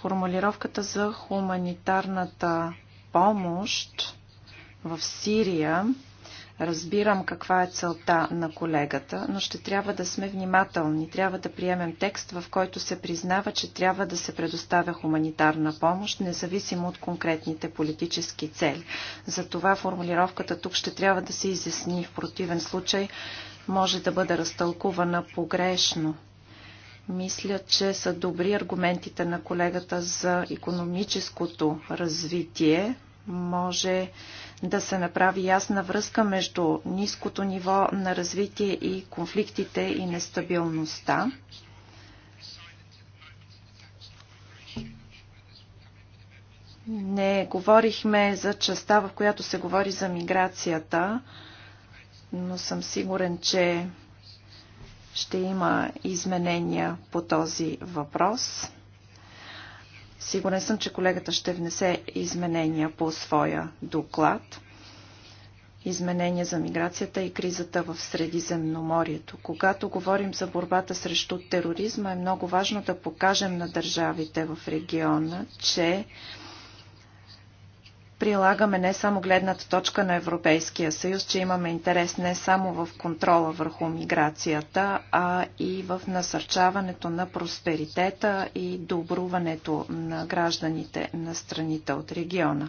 Формулировката за хуманитарната помощ в Сирия Разбирам каква е целта на колегата, но ще трябва да сме внимателни. Трябва да приемем текст, в който се признава, че трябва да се предоставя хуманитарна помощ, независимо от конкретните политически цели. Затова формулировката тук ще трябва да се изясни. В противен случай може да бъде разтълкувана погрешно. Мисля, че са добри аргументите на колегата за економическото развитие. Може да се направи ясна връзка между ниското ниво на развитие и конфликтите и нестабилността. Не говорихме за частта, в която се говори за миграцията, но съм сигурен, че ще има изменения по този въпрос. Сигурен съм, че колегата ще внесе изменения по своя доклад. Изменения за миграцията и кризата в Средиземноморието. Когато говорим за борбата срещу тероризма, е много важно да покажем на държавите в региона, че прилагаме не само гледната точка на Европейския съюз, че имаме интерес не само в контрола върху миграцията, а и в насърчаването на просперитета и добруването на гражданите на страните от региона.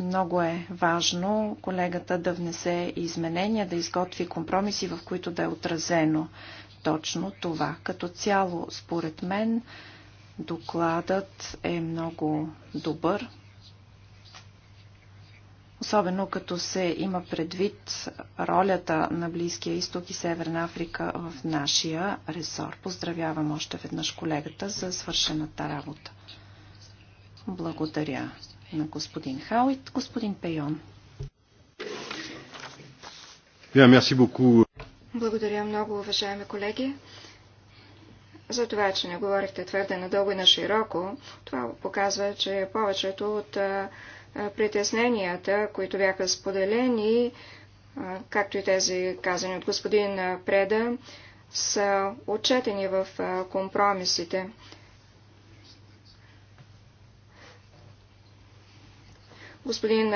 Много е важно колегата да внесе изменения, да изготви компромиси, в които да е отразено точно това. Като цяло, според мен, Докладът е много добър, особено като се има предвид ролята на Близкия изток и Северна Африка в нашия ресор. Поздравявам още веднъж колегата за свършената работа. Благодаря на господин Хауит, господин Пейон. Благодаря много, уважаеми колеги. За това, че не говорихте твърде надълго и на широко, това показва, че повечето от притесненията, които бяха споделени, както и тези казани от господин Преда, са отчетени в компромисите. Господин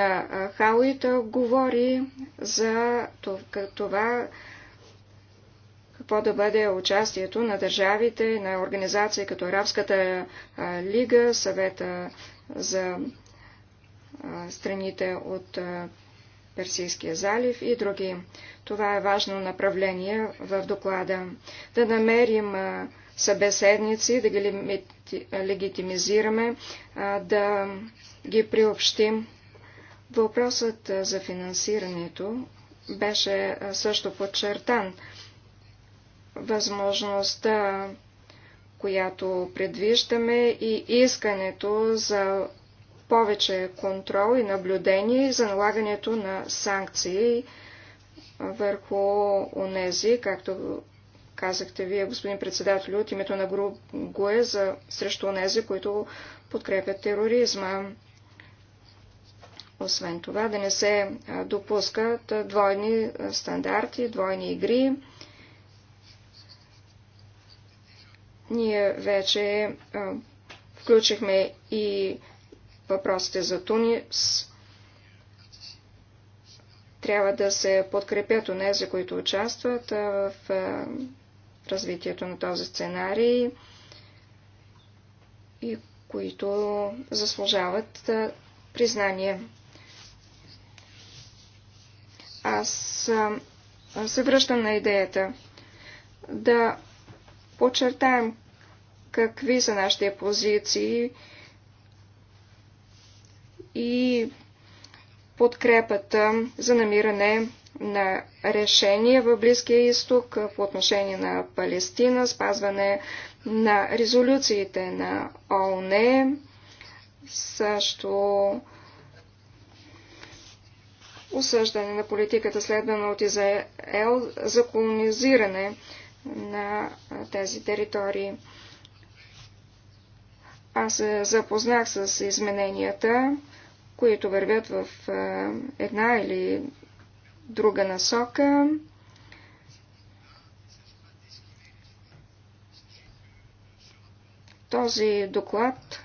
Хауит говори за това, какво да бъде участието на държавите, на организации като Арабската лига, съвета за страните от Персийския залив и други. Това е важно направление в доклада. Да намерим събеседници, да ги легитимизираме, да ги приобщим. Въпросът за финансирането беше също подчертан възможността, която предвиждаме и искането за повече контрол и наблюдение за налагането на санкции върху онези, както казахте вие, господин председател, от името на гру ГУЕ за срещу онези, които подкрепят тероризма. Освен това, да не се допускат двойни стандарти, двойни игри. Ние вече а, включихме и въпросите за Тунис. Трябва да се подкрепят онези, които участват а, в а, развитието на този сценарий и които заслужават а, признание. Аз а, се връщам на идеята да подчертаем какви са нашите позиции и подкрепата за намиране на решение в Близкия изток по отношение на Палестина, спазване на резолюциите на ООН, също осъждане на политиката следвана от Израел за колонизиране на тези територии. Аз се запознах с измененията, които вървят в една или друга насока. Този доклад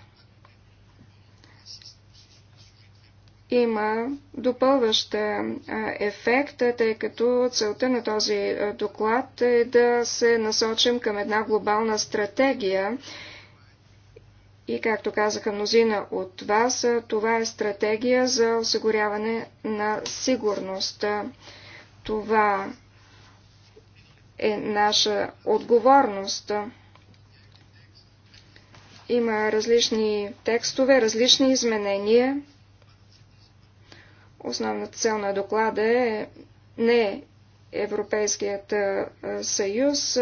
има допълващ ефект, тъй като целта на този доклад е да се насочим към една глобална стратегия. И както казаха мнозина от вас, това е стратегия за осигуряване на сигурност. Това е наша отговорност има различни текстове, различни изменения. Основната цел на доклада е не Европейският съюз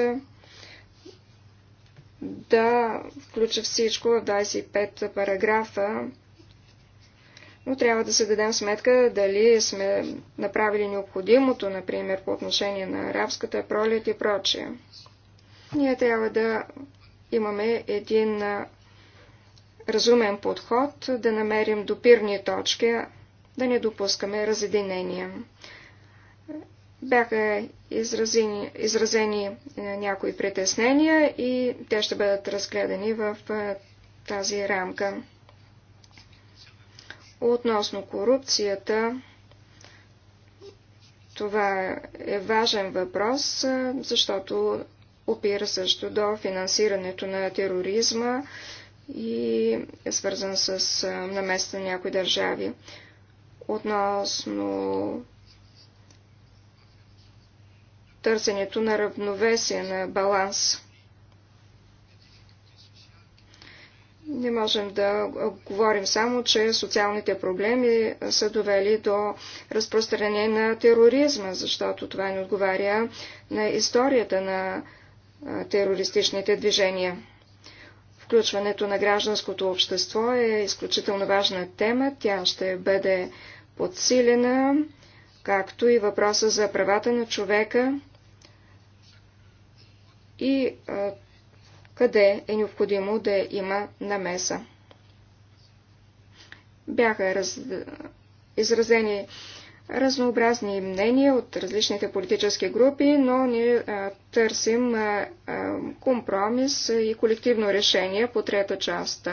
да включа всичко в 25 параграфа, но трябва да се дадем сметка дали сме направили необходимото, например, по отношение на арабската пролет и прочее. Ние трябва да имаме един разумен подход, да намерим допирни точки, да не допускаме разединения. Бяха изразени, изразени е, някои притеснения и те ще бъдат разгледани в е, тази рамка. Относно корупцията, това е важен въпрос, е, защото опира също до финансирането на тероризма и е свързан с наместа на някои държави относно търсенето на равновесие, на баланс. Не можем да говорим само, че социалните проблеми са довели до разпространение на тероризма, защото това не отговаря на историята на терористичните движения. Включването на гражданското общество е изключително важна тема. Тя ще бъде подсилена, както и въпроса за правата на човека и а, къде е необходимо да има намеса. Бяха раз... изразени разнообразни мнения от различните политически групи, но ние а, търсим а, а, компромис и колективно решение по трета част.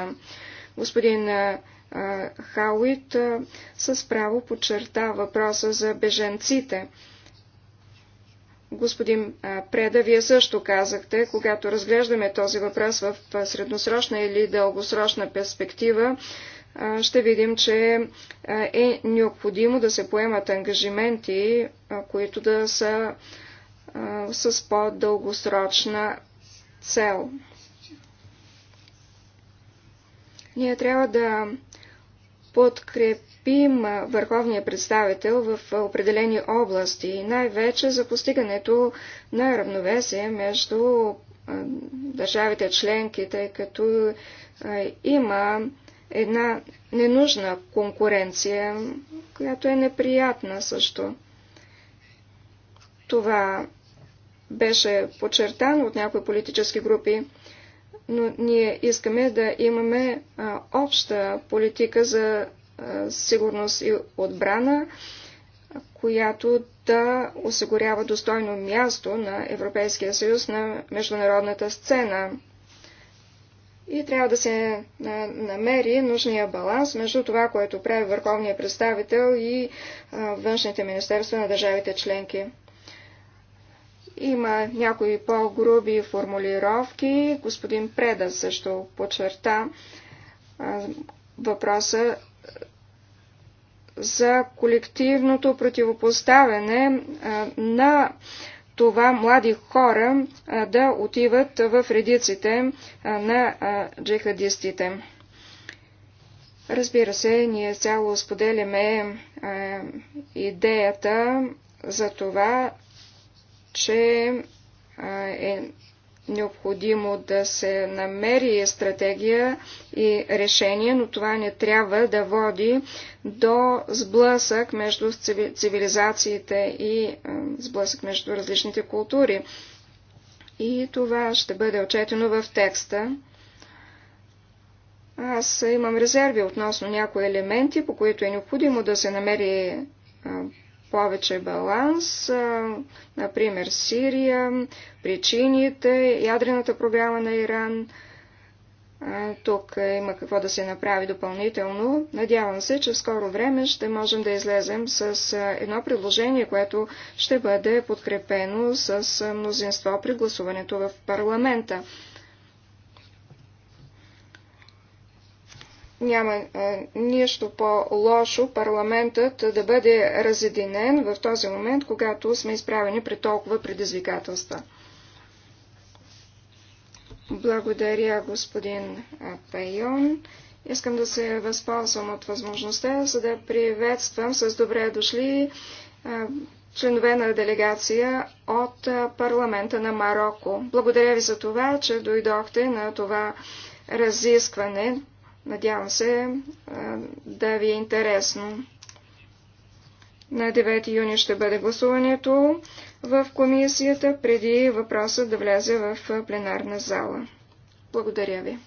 Господин а, Хауит с право подчерта въпроса за беженците. Господин Преда, вие също казахте, когато разглеждаме този въпрос в средносрочна или дългосрочна перспектива, ще видим, че е необходимо да се поемат ангажименти, които да са с по-дългосрочна цел. Ние трябва да подкрепим върховния представител в определени области, най-вече за постигането на равновесие между държавите членки, тъй като има една ненужна конкуренция, която е неприятна също. Това беше подчертано от някои политически групи но ние искаме да имаме а, обща политика за а, сигурност и отбрана, която да осигурява достойно място на Европейския съюз на международната сцена. И трябва да се намери нужния баланс между това, което прави върховния представител и външните министерства на държавите членки. Има някои по-груби формулировки. Господин Преда също подчерта въпроса за колективното противопоставяне на това млади хора да отиват в редиците на джихадистите. Разбира се, ние цяло споделяме идеята за това, че е необходимо да се намери стратегия и решение, но това не трябва да води до сблъсък между цивилизациите и сблъсък между различните култури. И това ще бъде отчетено в текста. Аз имам резерви относно някои елементи, по които е необходимо да се намери повече баланс, например Сирия, причините, ядрената програма на Иран. Тук има какво да се направи допълнително. Надявам се, че в скоро време ще можем да излезем с едно предложение, което ще бъде подкрепено с мнозинство при гласуването в парламента. няма нищо по-лошо парламентът да бъде разединен в този момент, когато сме изправени при толкова предизвикателства. Благодаря, господин Пайон. Искам да се възползвам от възможността, за да приветствам с добре дошли членове на делегация от парламента на Марокко. Благодаря ви за това, че дойдохте на това разискване Надявам се да ви е интересно. На 9 юни ще бъде гласуването в комисията, преди въпросът да влезе в пленарна зала. Благодаря ви.